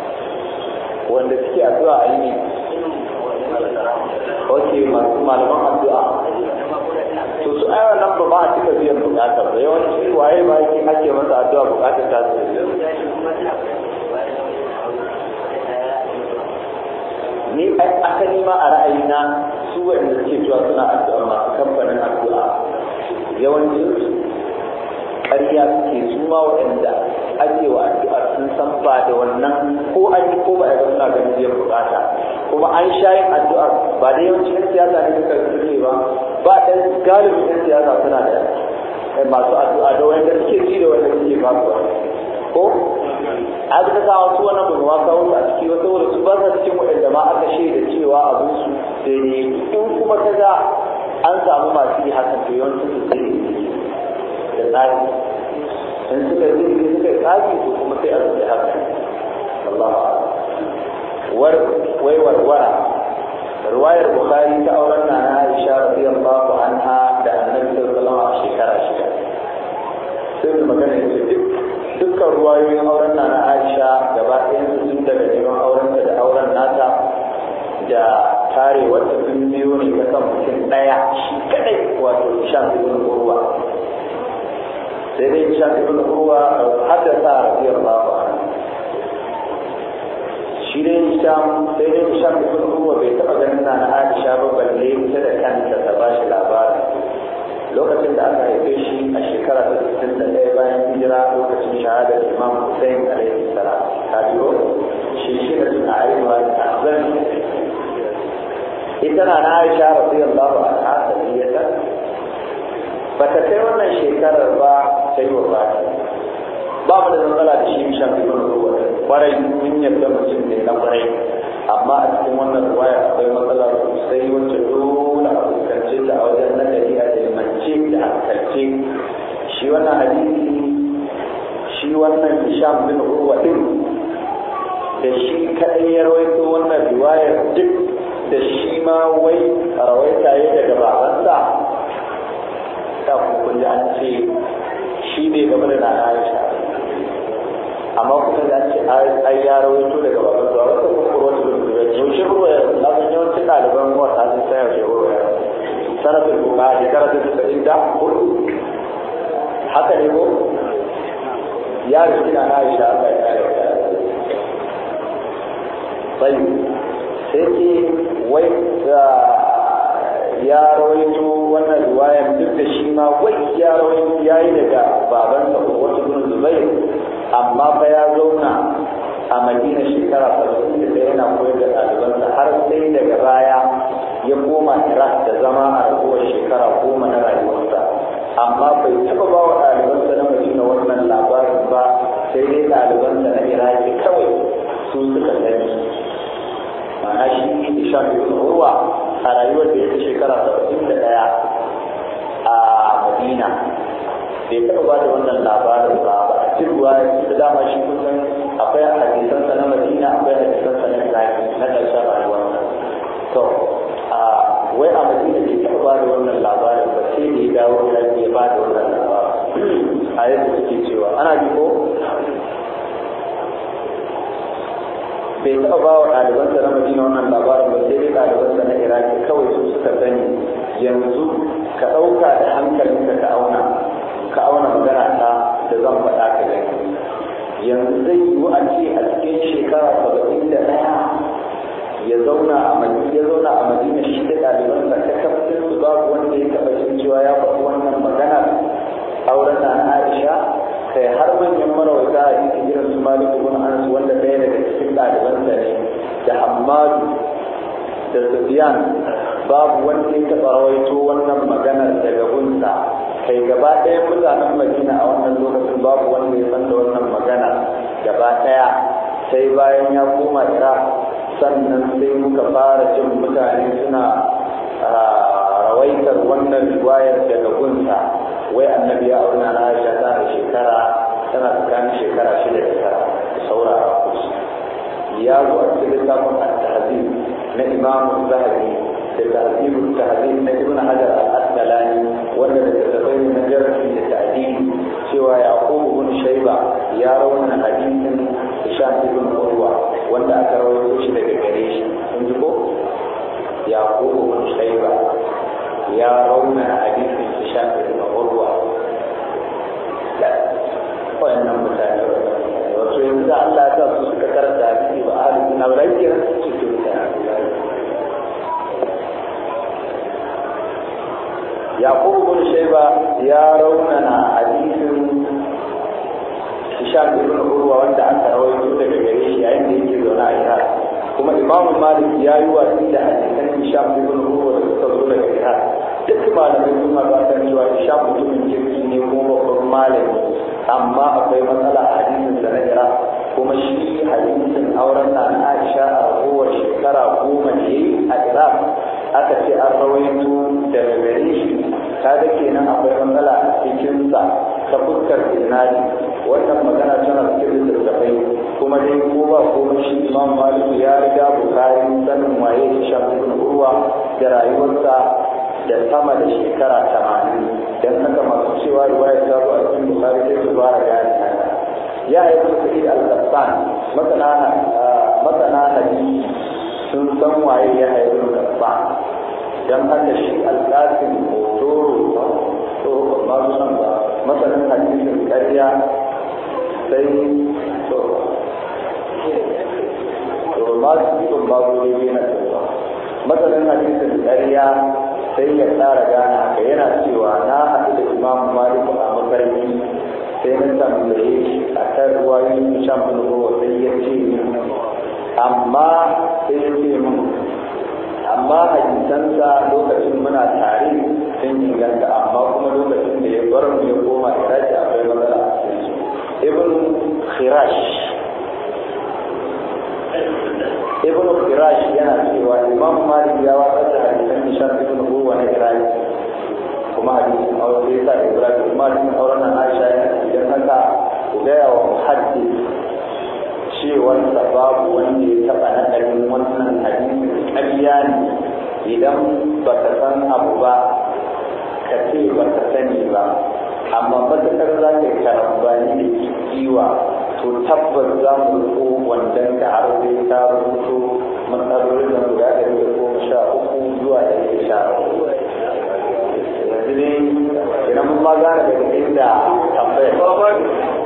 wanda suke addu'a a yi ok masu malaman addu'a to su aiwa nan ba a cika biyan bukatar da yawanci waye ba yake ake masa addu'a bukatar ta su ni aka nima a ra'ayina su wanda suke zuwa suna addu'a masu kamfanin addu'a yawancin ƙarya suke su ma inda ake wa sun san ba da wannan ko an yi ko ba a suna ganin zai bukata kuma an sha yin addu'a ba da yawancin yan siyasa ne suka yi ba ba ɗan galibin yan siyasa suna da masu addu'a da wanda suke ji da wanda suke ba ko an ta sa wasu wani gudunwa kawo a ciki wasu wani su ba sa cikin waɗanda ma aka shaida cewa abin su da ne in kuma ta ga an samu masu yi hakan to yawancin su da tsari in suka zai suka yi tsari to biyar da haka Allah wai warwara riwayar bukhari ta auren na Aisha radiyallahu anha da annabi sallallahu alaihi wasallam shekara shida sai magana ce dukkan ruwayoyin auren na Aisha gaba ɗayan su sun daga jiran auren ta da auren nata da tarewar ta biyu ne ta kan mutum ɗaya shi kadai wato shan zuwan ruwa sai dai shafi shafi bin kowa hada sa rafiyar babu shi dai in sha sai dai shafi bin ruwa bai taɓa ganin na aisha ba balle ta da kanta ta ba shi labarin lokacin da aka haife shi a shekara ta sittin da ɗaya bayan hijira lokacin da imam hussein alaihi salam ta biyo shi shi da suna arewa da zan ita na na aisha radiyallahu anha sabiyatan ba ta kai wannan shekarar ba ta yi wa ba mu da matsala da shi mishan ibn ruwa kwarai mun yarda mutum ne na kwarai amma a cikin wannan ruwaya akwai matsala sosai wacce dole a fuskance ta a wajen na nagari a ilmance da hankalce shi wannan hadisi shi wannan hisham bin ruwa din da shi kadai ya rawaito wannan riwayar duk da shi ma wai rawaita ya daga babansa ta kun an ce shi ne gaba da nana aisha amma kuma da ce ai ya rawaito daga baban zuwa wata kokoro da zuwa yaushe ruwa ya zama yawancin ɗaliban wata zai sayar da ruwa ya sanafin kuma a shekara ta bisa da hudu haka ne ko ya shi na aisha a ya kare ta sai sai ke wai da ah, ya rawaito wannan riwayar duk da shi ma wai ya rawaito yayi daga babansa wani ibn zubair amma fa ya zauna a madina shekara farko da yana koyar da ɗalibansa har sai daga baya ya koma iraq da zama a raguwar shekara goma na rayuwarsa amma bai taɓa ba wa ɗalibansa na madina wannan labarin ba sai dai ɗalibansa na iraki kawai su suka sani ma'ana shi isha ibn urwa a rayuwar da ya shekara saba'in da ɗaya a madina bai taɓa ba da wannan labarin ba ba a cikin ruwa da shi da dama shi kusan akwai hadisan sa na madina akwai hadisan sa na islami na ƙarshen rayuwar to a wai a madina bai taɓa ba da wannan labarin ba sai da ya dawo da ya ba da wannan labarin a yadda suke cewa ana bi ko bai taɓa ba wa ɗalibansa na madina wannan labarin ba sai dai ɗalibansa na iraki kawai su suka sani yanzu ka ɗauka da hankalinka ka auna ka auna magana ta da zan faɗa ka gani yanzu zai yiwu a ce a cikin shekara saba'in da ya zauna a madina ya zauna a madina shi da ɗaliban sa ka su babu wanda ya taɓa jin cewa ya faɗi wannan magana auren na Aisha kai har manyan marawata a cikin irin su Malik ibn Anas wanda ɗaya daga cikin ɗaliban ne da Hammadu da Sufyan babu wanda ya taɓa rawaito wannan maganar daga gunsa kai gaba ɗaya mutanen madina a wannan lokacin babu wanda ya san da wannan magana gaba ɗaya sai bayan ya koma ta sannan sai muka fara jin mutane suna rawaitar wannan riwayar daga gunsa wai annabi ya auna na aisha ta da shekara tana tsakanin shekara shida da tara da a kusa ya zo a cikin samun al na imamun zahabi da ta'zibu ta'zim na ibn hajar al wanda da tafsirin na jarhi da ta'dil cewa yaqub ibn shayba ya rawana hadisin hisham ibn urwa wanda aka rawaito daga gare shi kun ji ko yaqub ibn shayba ya rauna hadisin hisham ibn urwa wannan mutane wato yanzu Allah ya su suka karanta ba na su mutane yaqub bin shayba ya raunana hadisin hisham ibn urwa wanda aka rawaito daga gare shi yayin da yake zaune a iraq kuma imam malik ya yi wa da hadisan hisham ibn urwa da suka zo daga iraq duk malamai sun ma kan cewa hisham mutumin kirki ne ko babban malik amma akwai matsala a hadisin da na iraq kuma shi hadisin auren na aisha a kowace shekara goma ne a iraq aka ce an rawaito da gare shi da kenan akwai bangala a cikin sa ta fuskar zinari wannan magana tana cikin littattafai kuma dai ko ba ko shi imam malik ya riga bukari sanin waye shi shafin urwa da rayuwarsa da sama da shekara tamanin dan haka masu cewa riwayar ta a cikin bukari sai su fara gane ya yi sa'id al-qassan masana ah, masana hadisi sun san waye ya haifi al-qassan dan haka shi alƙasin to ba tsohon san ba masanin hadisin ƙarya sai to ba su cikin babulori na cewa matsalin hadisin ƙarya sai ya tsara gana ka yana cewa na haɗu da imamu malikun a mafarki sai na tambaye shi a kan ruwayoyin shan bulwa sai ya ce amma sai ya ce mun amma hadisansa lokacin muna tare sun ganta amma kuma lokacin da ya bar mu ya koma iraki akwai matsala a cikin su ibn khirash ibn khirash yana cewa imam malik ya wasa da hadisan nishar ibn huwa na iraki kuma hadisin aure sai sa ibrahim kuma hadisin auren na aisha yana cikin haka ku gaya wa muhaddis cewarsa babu wanda ya taɓa naɗarin wannan hadisin ƙarya ne idan ba ka san abu ba ka ce ba ka sani ba amma matuƙar za ka yi karambani da kiwa to tabbas za mu riko wandan da har ta rubuto matsalolin da guda ɗari da goma sha uku zuwa ɗari da sha uku idan mun gane inda tambayar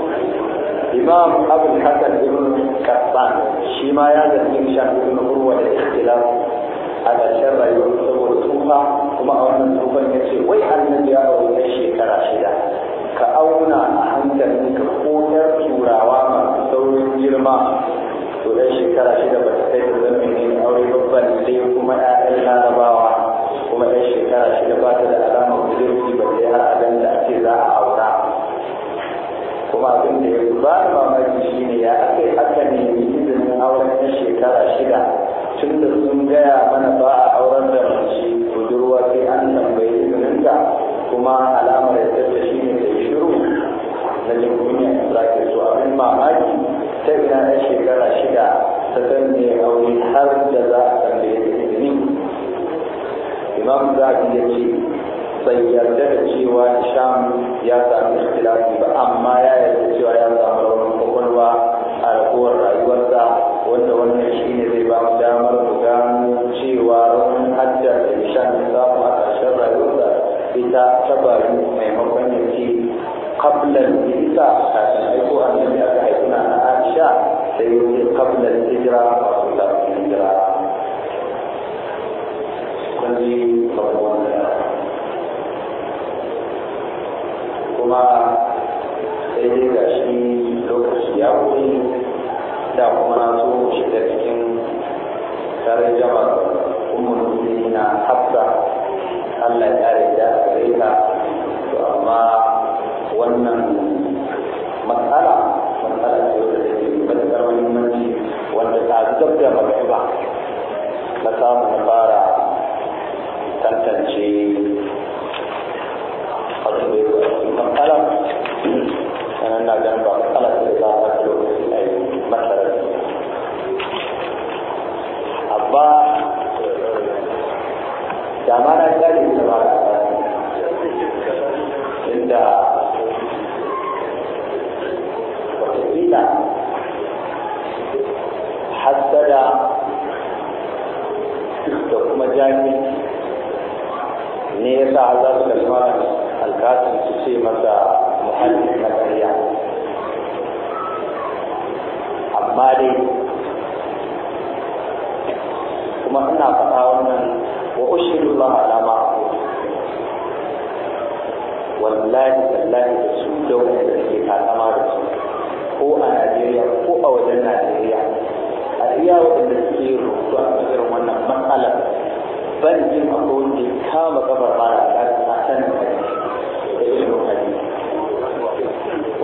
imam abu hasan ibn kasan shi ma ya zargi shan ibn urwa da ikhtilaf a ƙarshen rayuwar saboda tsufa kuma a wannan tsufan ya ce wai annabi ya aure shekara shida ka auna a hankalin ka ko turawa masu saurin girma to dan shekara shida ba imam zabi ya ce sai yarda da cewa isham ya sami ikhtilafi ba amma ya yarda cewa ya samu raunin kwakwalwa a ragowar rayuwarsa wanda wannan shi ne zai ba mu damar mu gano cewa raunin hajjar da isham ya samu a ƙarshen rayuwarsa ita ta bayu maimakon ya ce kablan isa kafin aiko annabi aka haifi na aisha sai ya ce hijira ဒီကရှိတော့ရှိအောင်ဒါကမှသူရှိတယ်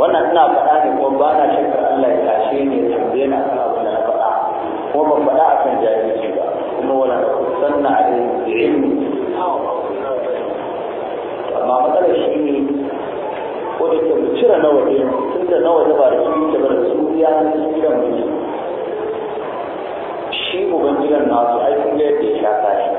wannan ina faɗa ne kuma ba na shakar Allah ya tashe ne ya tambaye na kan abin da na faɗa kuma ban faɗa a kan jahilci ba kuma wala na kusanna a da ilmi amma matsalar shi ne Ko da ke mu cire na waje tun da na waje ba da su ke bar su ya hannun gidan mu shi ubangidan nasu ai kun ga yadda ya sha tashi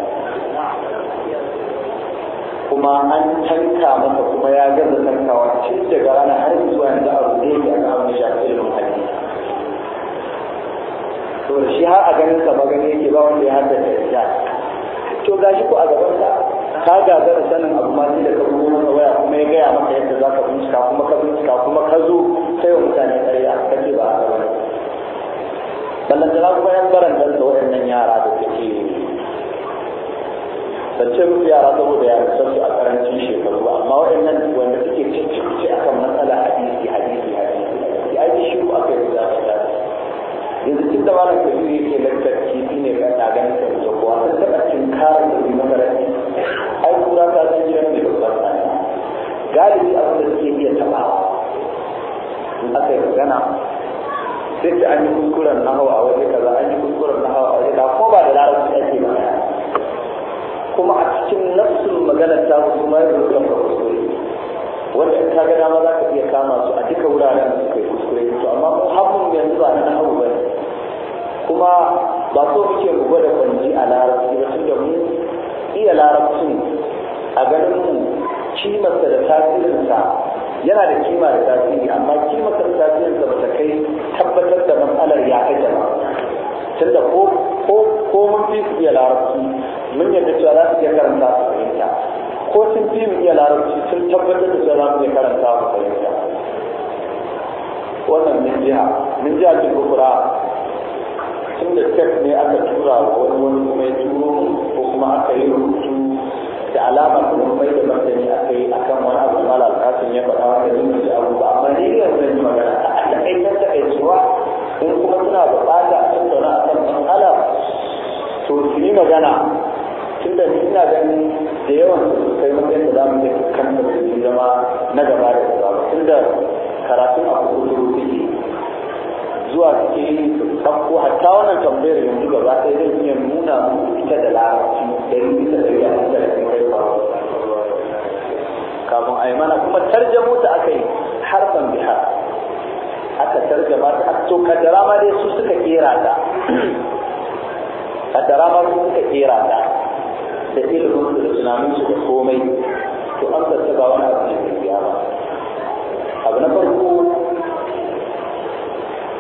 kuma an tanka masa kuma ya gaza tankawa daga rana har zuwa yanzu a rute ya ga kawo da shafi ilimin hadisi to shi har a ganin sa magani yake ba wanda ya haddace da to shi ko a gaban sa ka da sanin abu ma da ka rubuta masa waya kuma ya gaya maka yadda za ka bincika kuma ka bincika kuma ka zo sai mutane ƙarya kake ba a gaban ballan da za ku bayan da waɗannan yara sace mu yara saboda yara sun su a karancin shekaru amma waɗannan wanda suke cikin akan matsala hadisi hadisi hadisi ya yi shi ku aka yi za su da yanzu cikin da malam kabiru ke lantarki kifi ne ga ɗagan kansa ko a san taɓa cin karin da bi makaranti ai kura ta san gidan mai babban tsani galibi abin da suke iya taɓawa in aka yi magana sai ta an yi kuskuren nahawa a waje kaza an yi kuskuren nahawa a waje kaza ko ba da larabci ake magana kuma a cikin nafsun maganar ta su mai yadda kuskure wanda ta ga dama za ka iya kama su a duka wuraren da suka yi kuskure to amma muhammun yanzu ba na hau ba kuma ba so muke mu gwada kwanji a larabci ba tunda mu iya larabcin a ganin mu kimarsa da tasirinsa yana da kima da tasiri amma kimarsa da tasirinsa ba ta kai tabbatar da matsalar ya kai ba tunda ko ko ko mun fi su iya larabci mun yadda cewa za su iya karanta su fahimta ko sun fi mu iya larabci sun tabbatar da cewa za su iya karanta su fahimta wannan min jiha min jiha ce kukura tun da tek ne aka tura wa wani wani kuma ya turo ko kuma aka yi rubutu da alama da mun da martani aka yi akan wani abu da malal kasin ya faɗa wanda zai ji abu ba amma ni yanzu magana a Allah kai ta taƙaituwa in kuma suna bukata a tattauna a kan matsala to su yi magana tun da ina ganin da yawan kai matsayin da za mu iya kan da su zama na gaba da gaba tun da karatun a kudu suke zuwa suke su ɗauko hatta wannan tambayar yanzu gaba ɗaya zai iya nuna ita da larabci da yi bisa da ya da kuma kai ba kafin a yi mana kuma tarjamo ta aka yi harfan bihar aka tarjama ta to kaddara ma dai su suka kera ta kaddara ma su suka kera ta da ilimin da tunanin su da komai to an tattaba wani abu ne mai biya ba abu na farko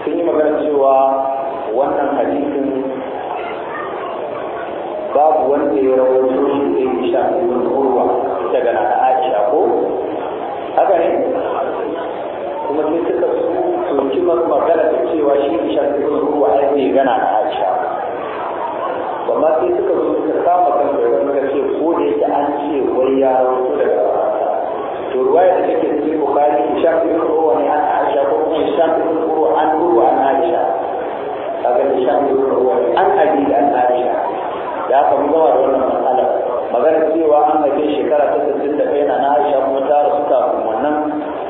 sun yi magana cewa wannan hadisin babu wanda ya rawaito shi da ya shafi wani urwa daga na aisha ko haka ne kuma sai suka soki magana cewa shi ne shan kuma ruwa ya ne gana na aisha amma sai suka zo suka kama kan da wani ce ko da yake an ce wai ya rawaito daga to ruwa da take cikin bukari shan kuma ruwa ne an aisha ko kuma shan kuma ruwa an ruwa an aisha kaga da shan kuma ruwa an abi an aisha da aka mu gama da wannan matsala magana cewa an haife shekara ta 61 na aisha kuma ta rasu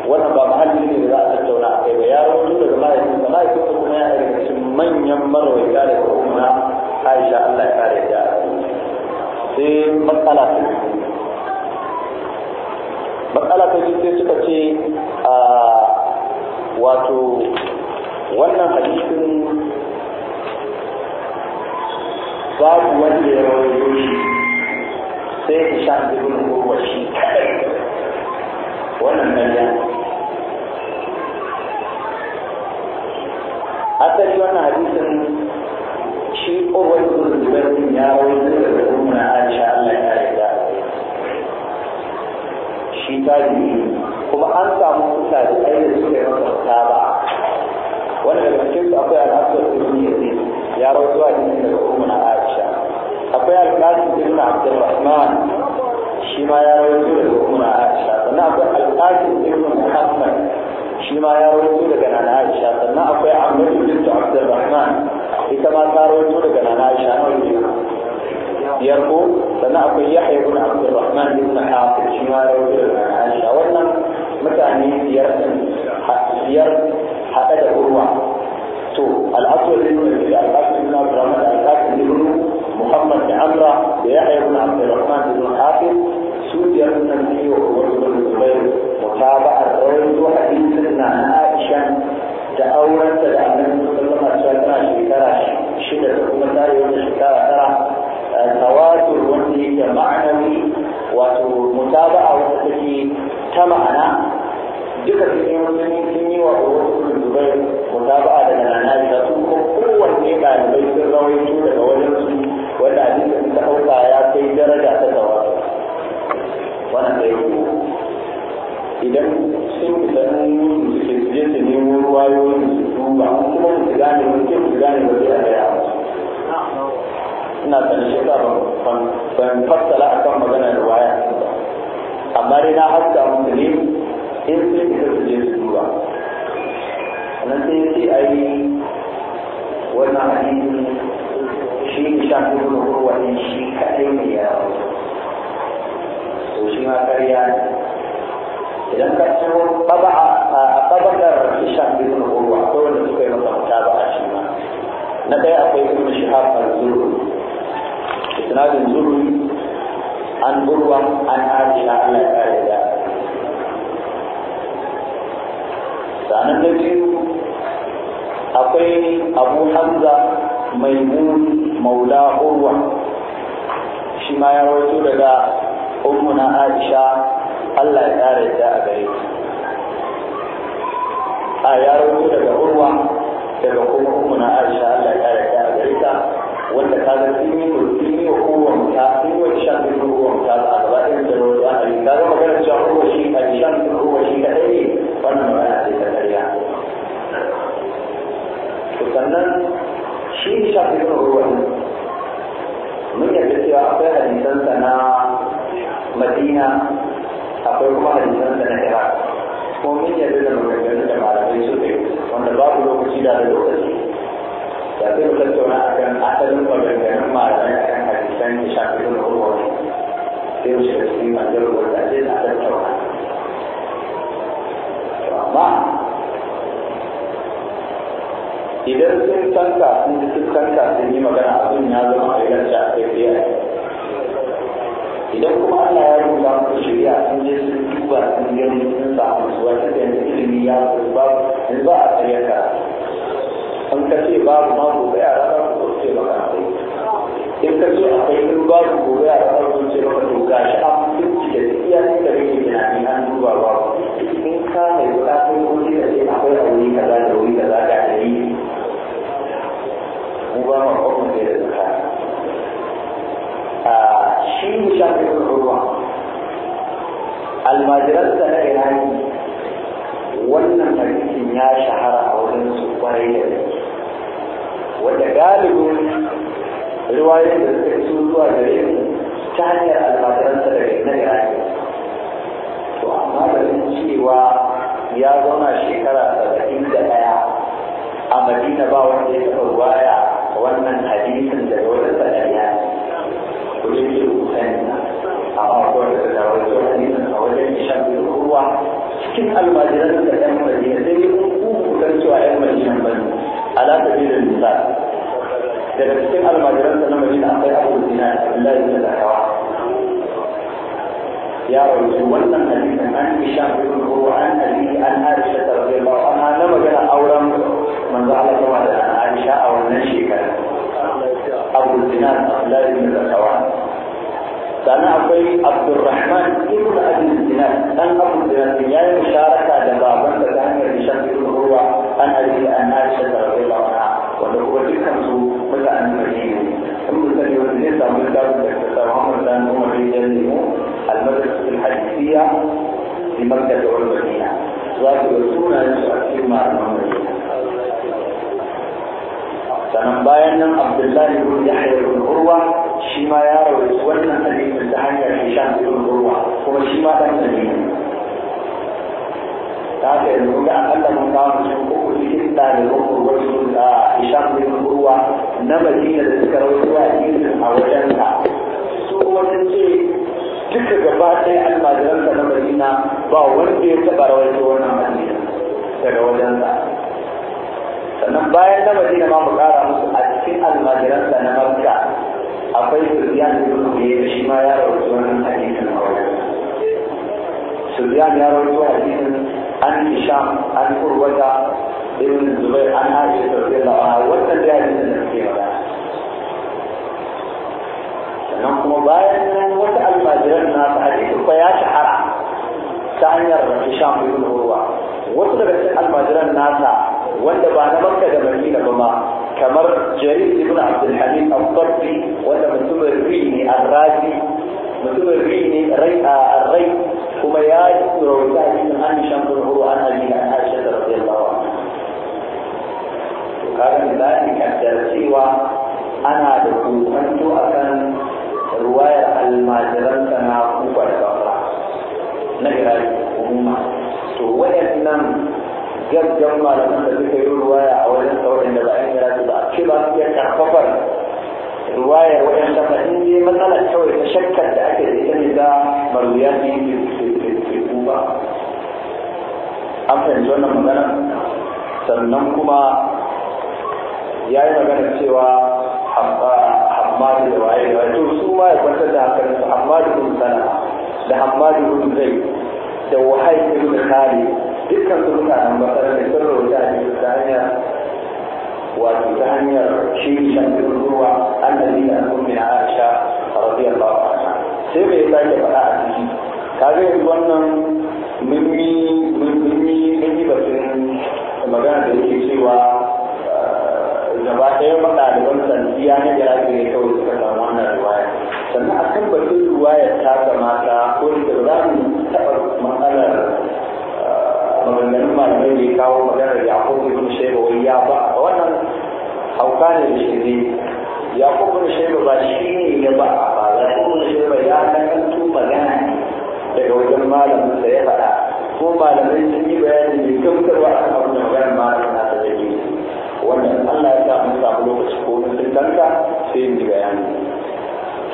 wannan ba mahalli ne da za a tattauna a kai ba ya rawaito daga mahaifin da mahaifin da kuma ya daga cikin manyan marawaita da kuma Aisha Allah ya kare ya sai matsala ta yi matsala ta yi sai suka ce a wato wannan hadisin babu wanda ya rawar shi sai sha ibn Urwa shi wannan nan asali wannan hadisin shi ƙowar gudun zubarin ya wani daga umar aisha Allah ya riga shi ta kuma an samu kusa da ɗaya da suka yi masa ba wanda daga cikin su akwai al'adar ya yazid ya zuwa da rawaito hadisin daga umar aisha akwai al'adar na abdul rahman shi ma ya rawaito daga umar aisha sannan akwai al'adar alƙasim na muhammad شما يروي لكن عن عائشة أن أخي عمرو بنت عبد الرحمن اذا ما كما تروي لكن انا عائشة يرقو فأنا أخي يحيى بن عبد الرحمن بن حافظ شما يروي لكن عن عائشة متى متعني يرسم ير حتى الروع تو الأصل اللي الأصل بن عبد الرحمن الأصل بن محمد بن عمرو ويحيى بن عبد الرحمن بن حافظ سوريا مثلا هي وعمر بن الزبير متابعة أول حديثنا عائشة تأورت الأمن صلى الله عليه وسلم شكرا شدة حكومة داري وشكرا ترى تواتر وندي معنوي ومتابعة وتتكي تمعنا duka cikin musulmi sun yi wa wasu dubai mutaba'a daga nana da su ko kowanne ɗalibai sun rawaito daga wajen su wanda abin da suka ɗauka ya kai daraja ta gaba wanda ya ko idan sun isa hannun suke suje su nemo ruwayoyin su duba kuma su gane mun ke su gane ba zai a ina sanin shi ban fassara a kan magana da waya amma dai na haska musu ne in sun isa su je su duba nan sai ya ce ai wannan hadisi shi shan kuma ruwa shi kaɗai ne ya rawa to shi ma ƙarya ne idan ka ciro taba'a a tabakar ishan ibn urwa ko wanda suka yi masa mutaba'a shi ma na ɗaya akwai ibn shihab al-zurri isnadin zurri an urwa an aisha Allah ya kare da sanan da biyu akwai abu hamza maimun maula urwa shi ma ya rawaito daga أمنا عائشة الله يقارئ داء بريد آيار أولى بأروة تبقوا أمنا عائشة الله يقارئ داء بريد وانت كان سيمي والسيمي وقوة مكافي والشمس هو مكافي أغباء الجنود وأهل كانوا مكان الشعور وشيء الشمس هو شيء كثير وانا ما أعطيك الأرياء وكان شيء شعب هو mun yarda cewa akwai hadisansa na madina akwai kuma hadisansa na iraq kuma mun yarda da maganganun da malamai su ne wanda babu lokaci da da lokaci da zai mu tattauna akan asalin maganganun malamai akan hadisan da shafi da rubutu sai mu shiga cikin da zai na tattauna amma idan sun tanka sun ji sun tanka sun yi magana abin ya zama a rigar a kai biya idan kuma Allah ya rubuta muku shari'a sun je sun duba sun gani sun samu su wata da yanzu ilimi ya kuri ba in ba a tsayaka in ka ce babu ma gobe a ranar ku ce maka akwai in ka ce akwai in babu gobe a ranar ku ce maka to gashi an fi cike da iya suka rage tunani an duba babu cikin almajiran da ɗan madina sai dai kun ku kan cewa ɗan madina ba ne ala ta bi da misal daga cikin almajiran sa na madina akwai abu dina Allah ya da hawa ya rawaito wannan hadisin an isha bin ruwa an ali an aisha radiyallahu anha na magana auren manzo Allah kuma da Aisha a wannan shekara abu dina Allah ya sannan akwai abdurrahman ibn abi sinan dan abu sinan ya yi musharaka da baban da ta hanyar nishan ibn ruwa an arziki an aisha da rabai launa wanda kuma dukkan su mutanen madina in mutane wanda zai samu littafin da ta sa muhammad dan umar ya nemo almadrasatul hadisiyya fi makka da wani madina za ku ga sunayen su a cikin malaman madina sannan bayan nan abdullahi ibn yahya ibn urwa shi ma ya rawaita wannan hadisin ta hanyar shan ibn ruwa kuma shi ma da ne ta haka yanzu ga akalla mun kawo mutum uku cikin ɗaliban wasu da hisham ibn ruwa na madina da suka rawaito yi a wajen ka su wata ce duka gaba ɗaya almajiransa na madina ba wanda ya taɓa da wannan hadisi daga wajen sa sannan bayan na madina ma mu ƙara musu a cikin almajiransa na makka akwai Sufyan bin Uyayna shi ma ya rawaito wannan hadisin a wajen Sufyan ya rawaito hadisin an Hisham an Urwata ibn Zubair an Aisha radiyallahu anha wannan da hadisin da ke ba sannan kuma bayan nan wata almajiran na ta hadisin ba ya shahara ta hanyar Hisham bin Urwa wasu daga cikin almajiran nasa وانا بعد مكة مدينة بما كمر جريد ابن عبد الحميد الطربي وانا من ثم الريني الرازي من ثم الريني ري آه، الري وما ياي وروي ياي من هاني شمبر هو انا لي انا اشهد رضي الله عنه وقال من ذلك ان تلسيوا انا دكو انت اكن رواية المعجران تناقوا فالبقى نجرى لكم وما تولي jajjan malamin da suka yi ruwaya a wajen tsawon da ba a yi su ba a ce ba su iya karfafar ruwayar wajen sama in dai matsalar kawai ta shakkar da ake da ita ne za maruya ne ke ba an fahimci wannan magana sannan kuma ya yi magana cewa hammadu da waye da wato su ma ya kwantar da hankalin su hammadu bin sana da hammadu bin zai da wahai bin khalid dukkan su mutanen basar da sun rauta ne ta hanyar wato ta hanyar shi shan ruwa an da nina ummi a aisha radiyallahu anha sai mai sake faɗa a ciki ga yanzu wannan mun yi mun yi mun yi batun magana da yake cewa eh, gaba ɗaya maɗaliban sandiya na iraki ne kawai suka samu wannan ruwaya sannan a kan batun riwayar ta kamata ko da za mu taɓa matsalar maganganun malamai ne kawo maganar yakubu ibn shaiba wai ya ba wannan hauka ne da shirye yakubu ibn shaiba ba shi ne ya ba ba yakubu ibn shaiba ya nakanto magana daga wajen malamin sa ya faɗa ko malamai sun yi bayani mai gamsarwa a kan abin da maganar malamin na ta zage wannan Allah ya sa mun samu lokaci ko mun danganta sai mu bayani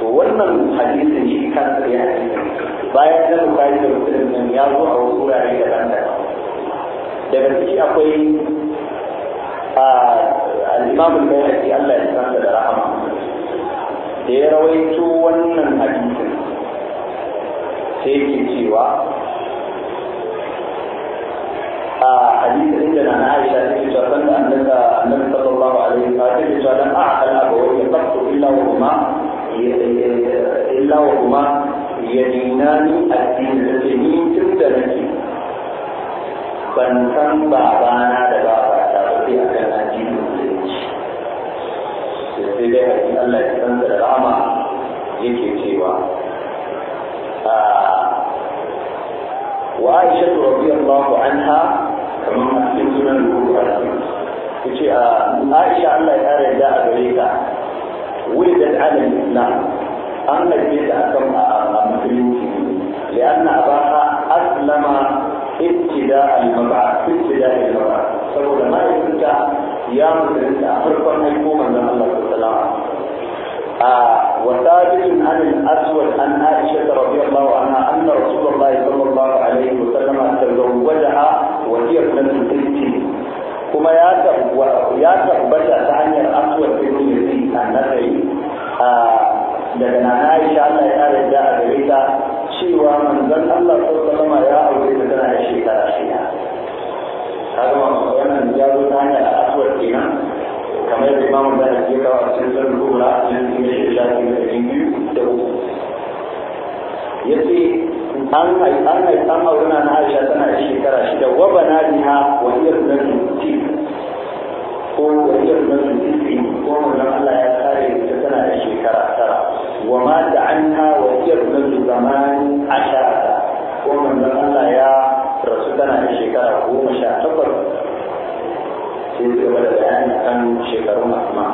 to wannan hadisin shi kansa ya hadisi bayan da da musulmin ya zo a wasu wurare da daban daga ciki akwai al-imam al-bayhaqi Allah ya san da rahama da ya rawaito wannan hadisin sai yake cewa a hadisin da na Aisha take cewa san da annabi annabi sallallahu alaihi wa sallam take cewa dan a'al abawai qattu illa wa huma illa wa huma yadinani ad-din al-yamin tunda nake ban san babana da babata ba sai a kan addinin musulunci da sai dai haƙi Allah ya san da rama yake cewa ah, wa Aisha radiyallahu anha kamar a cikin sunan rubutu ta ce a Aisha Allah ya kare da a gare ka wulidat ala islam an haife ta akan a ah, musulunci ba abaha aslama ابتداء المبعث ابتداء المبعث فهو ما يبتدا يام الرسالة فرقا يقوم عند الله تعالى آه، وثابت عن الأسود عن عائشة رضي الله عنها أن رسول الله صلى الله عليه وسلم تزوجها وهي ابنة بنته كما ياتب وياتب بدا ثاني الاسود في كل شيء كان نفعي لكن عائشه الله يعرف جاء بريده cewa manzon Allah ko sallallahu ya aure da tana da shekara shida kaga wannan ya zo ta hanyar al'asuwar kenan kamar da imamu da ya kawo a cikin sarki kuma a cikin cikin shi da cikin cikin biyu da uku ya ce an haifi an haifi an haifi na Aisha tana da shekara shida wa bana biha wa iya zunar ko wa iya zunar kuma wannan Allah ya kare ta tana da shekara tara wa ma da anha wasiyar min zaman ashara kuma wannan Allah ya rasu tana da shekara goma sha takwas sai gaba da bayani kan shekarun asma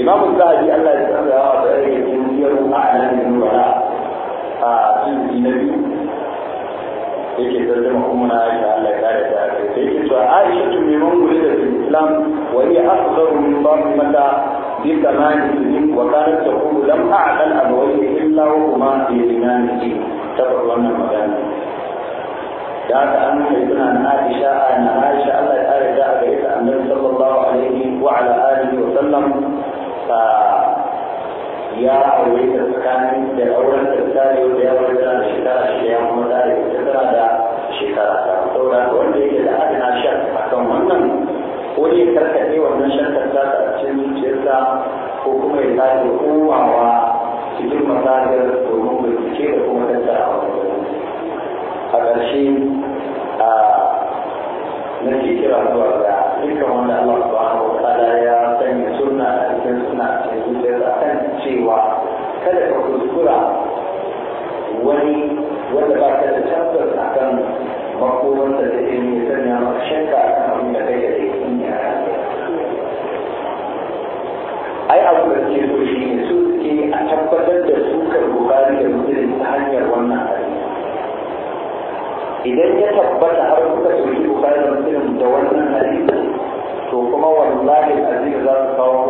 imamu zahabi Allah ya tsara da yawa da yake yin yaro a nan ne wala a cikin nabi yake tattama umma Aisha Allah ya kare ta kai sai yake cewa Aisha tun mai mun da Islam wa hiya afdalu min Fatimata bi tamani sinin wa kanat taqulu lam a'dal ne illa wa huma fi dinanihi ta wannan magana da aka an kai suna Aisha ana Aisha Allah ya kare ta a kai ta Annabi sallallahu alaihi wa ala alihi wa sallam ya aure ta tsakanin da auren da tsari da ya wata da shekara shida ya kuma tsari da tara da shekara ta saboda wanda yake da adana shan a kan wannan ko ne karkaɗe wannan shan ta a cikin zuciyarsa ko kuma ya sake komawa cikin masajar domin bincike da kuma tattara a ƙarshe a na shi kira zuwa ga dukkan wanda Allah subhanahu wa ta'ala ya sanya sunna a cikin sunna a cikin zuciyarsa kan cewa kada ka kuskura wani wanda ba ka da tabbas akan makomarsa da ilimi ya sanya maka shakka akan abin da kai da ilimi ya ai abu da ke so shi ne su suke a tabbatar da sukar bukari da mutum ta hanyar wannan hadisi idan ya tabbata har kuka soki bukari musulun da wannan hadisi to kuma wallahi aziz za su kawo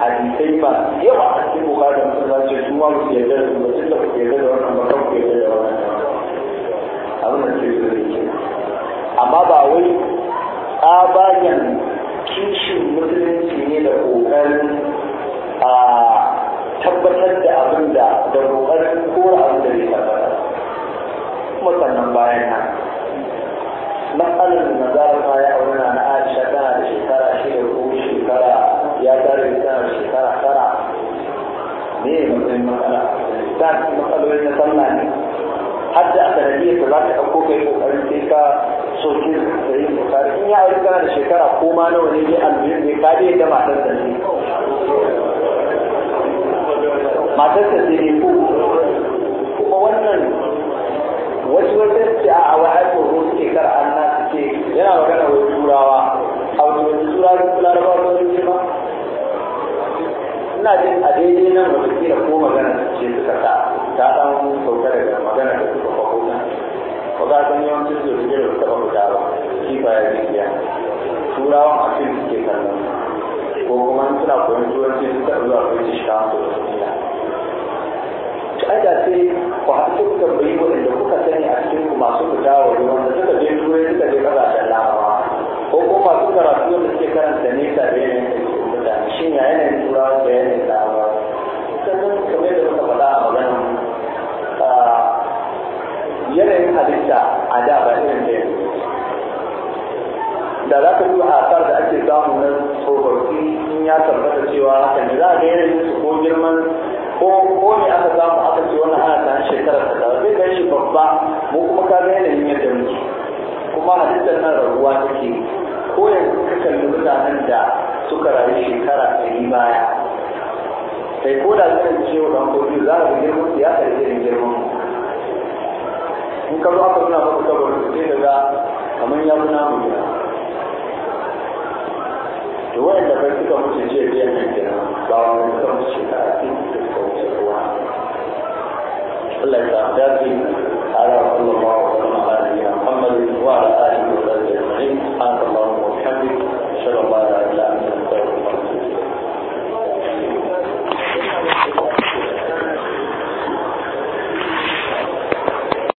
hadisai ba yawa a cikin bukari muslim za su su ma su yarda da su tunda ku yarda da wannan ba kan ku yarda da wannan abin da ke so ne amma ba wai tsabagen kishin musulunci ne da kokarin a tabbatar da abin da da kokarin kora abin da kuma sannan bayan nan matsalar da za kaya a auna na aisha tana da shekara shida ko shekara ya tare da tana shekara tara ne ya matsayin matsala ta matsaloli na sallah ne har da aka a sanadiyar da za ta ɗauko kai ƙoƙarin sai ka soke da yin bukari in ya aure tana da shekara ko ma nawa ne ne almuhim ne ka dai da matar da ne matar da ne ko kuma wannan wasu wajen ce a a wayar tsoro suke kar an na suke yana magana wasu turawa a wasu wani turawa larabawa ba su ce ba ina jin a daidai nan wata kira ko magana su ce su kasa ta ɗan sauka daga magana da suka faɗo kuma ba za san yawancin su da su taɓa fita ba shi ba ya biya turawan a fil suke kallon ko kuma suna koyon turanci suka zuwa british council to ai da sai ku haɗu ku tambayi waɗanda kuka sani a cikin ku masu fita wa wanda suka je turai suka je ƙasashen larabawa ko ko masu karatu wanda suke karanta nesa da yanayin da suke mutane shin ya yanayin turawa da yanayin larabawa sannan kamar yadda muka faɗa a magana yanayin halitta a da ba irin da yanzu da za ka duba asar da ake samu na tsofaffi in ya tabbata cewa hakan ne za a ga yanayin su ko girman ko ko ne aka samu aka ce wannan ana tsanin shekarar ta zai gan shi babba mu kuma ka ga yanayin yadda muke kuma halittar nan rabuwa take ko yanzu ka kalli mutanen da suka rayu shekara ɗari baya sai ko da ce wa ɗan kofi za ka girman ya karɓi irin girman in ka zo aka nuna maka kabarin sai ka ga kamar ya fi namu gida to wanda suka mutu jiya biyan nan kenan ba wani suka mutu shekara ce da suka wuce ruwa Allah ya samu dafi ala sallallahu alaihi wa sallam ala nabiyina Muhammad wa ala alihi wa sahbihi ajma'in subhanaka allahumma wa bihamdik ashhadu an la ilaha illa anta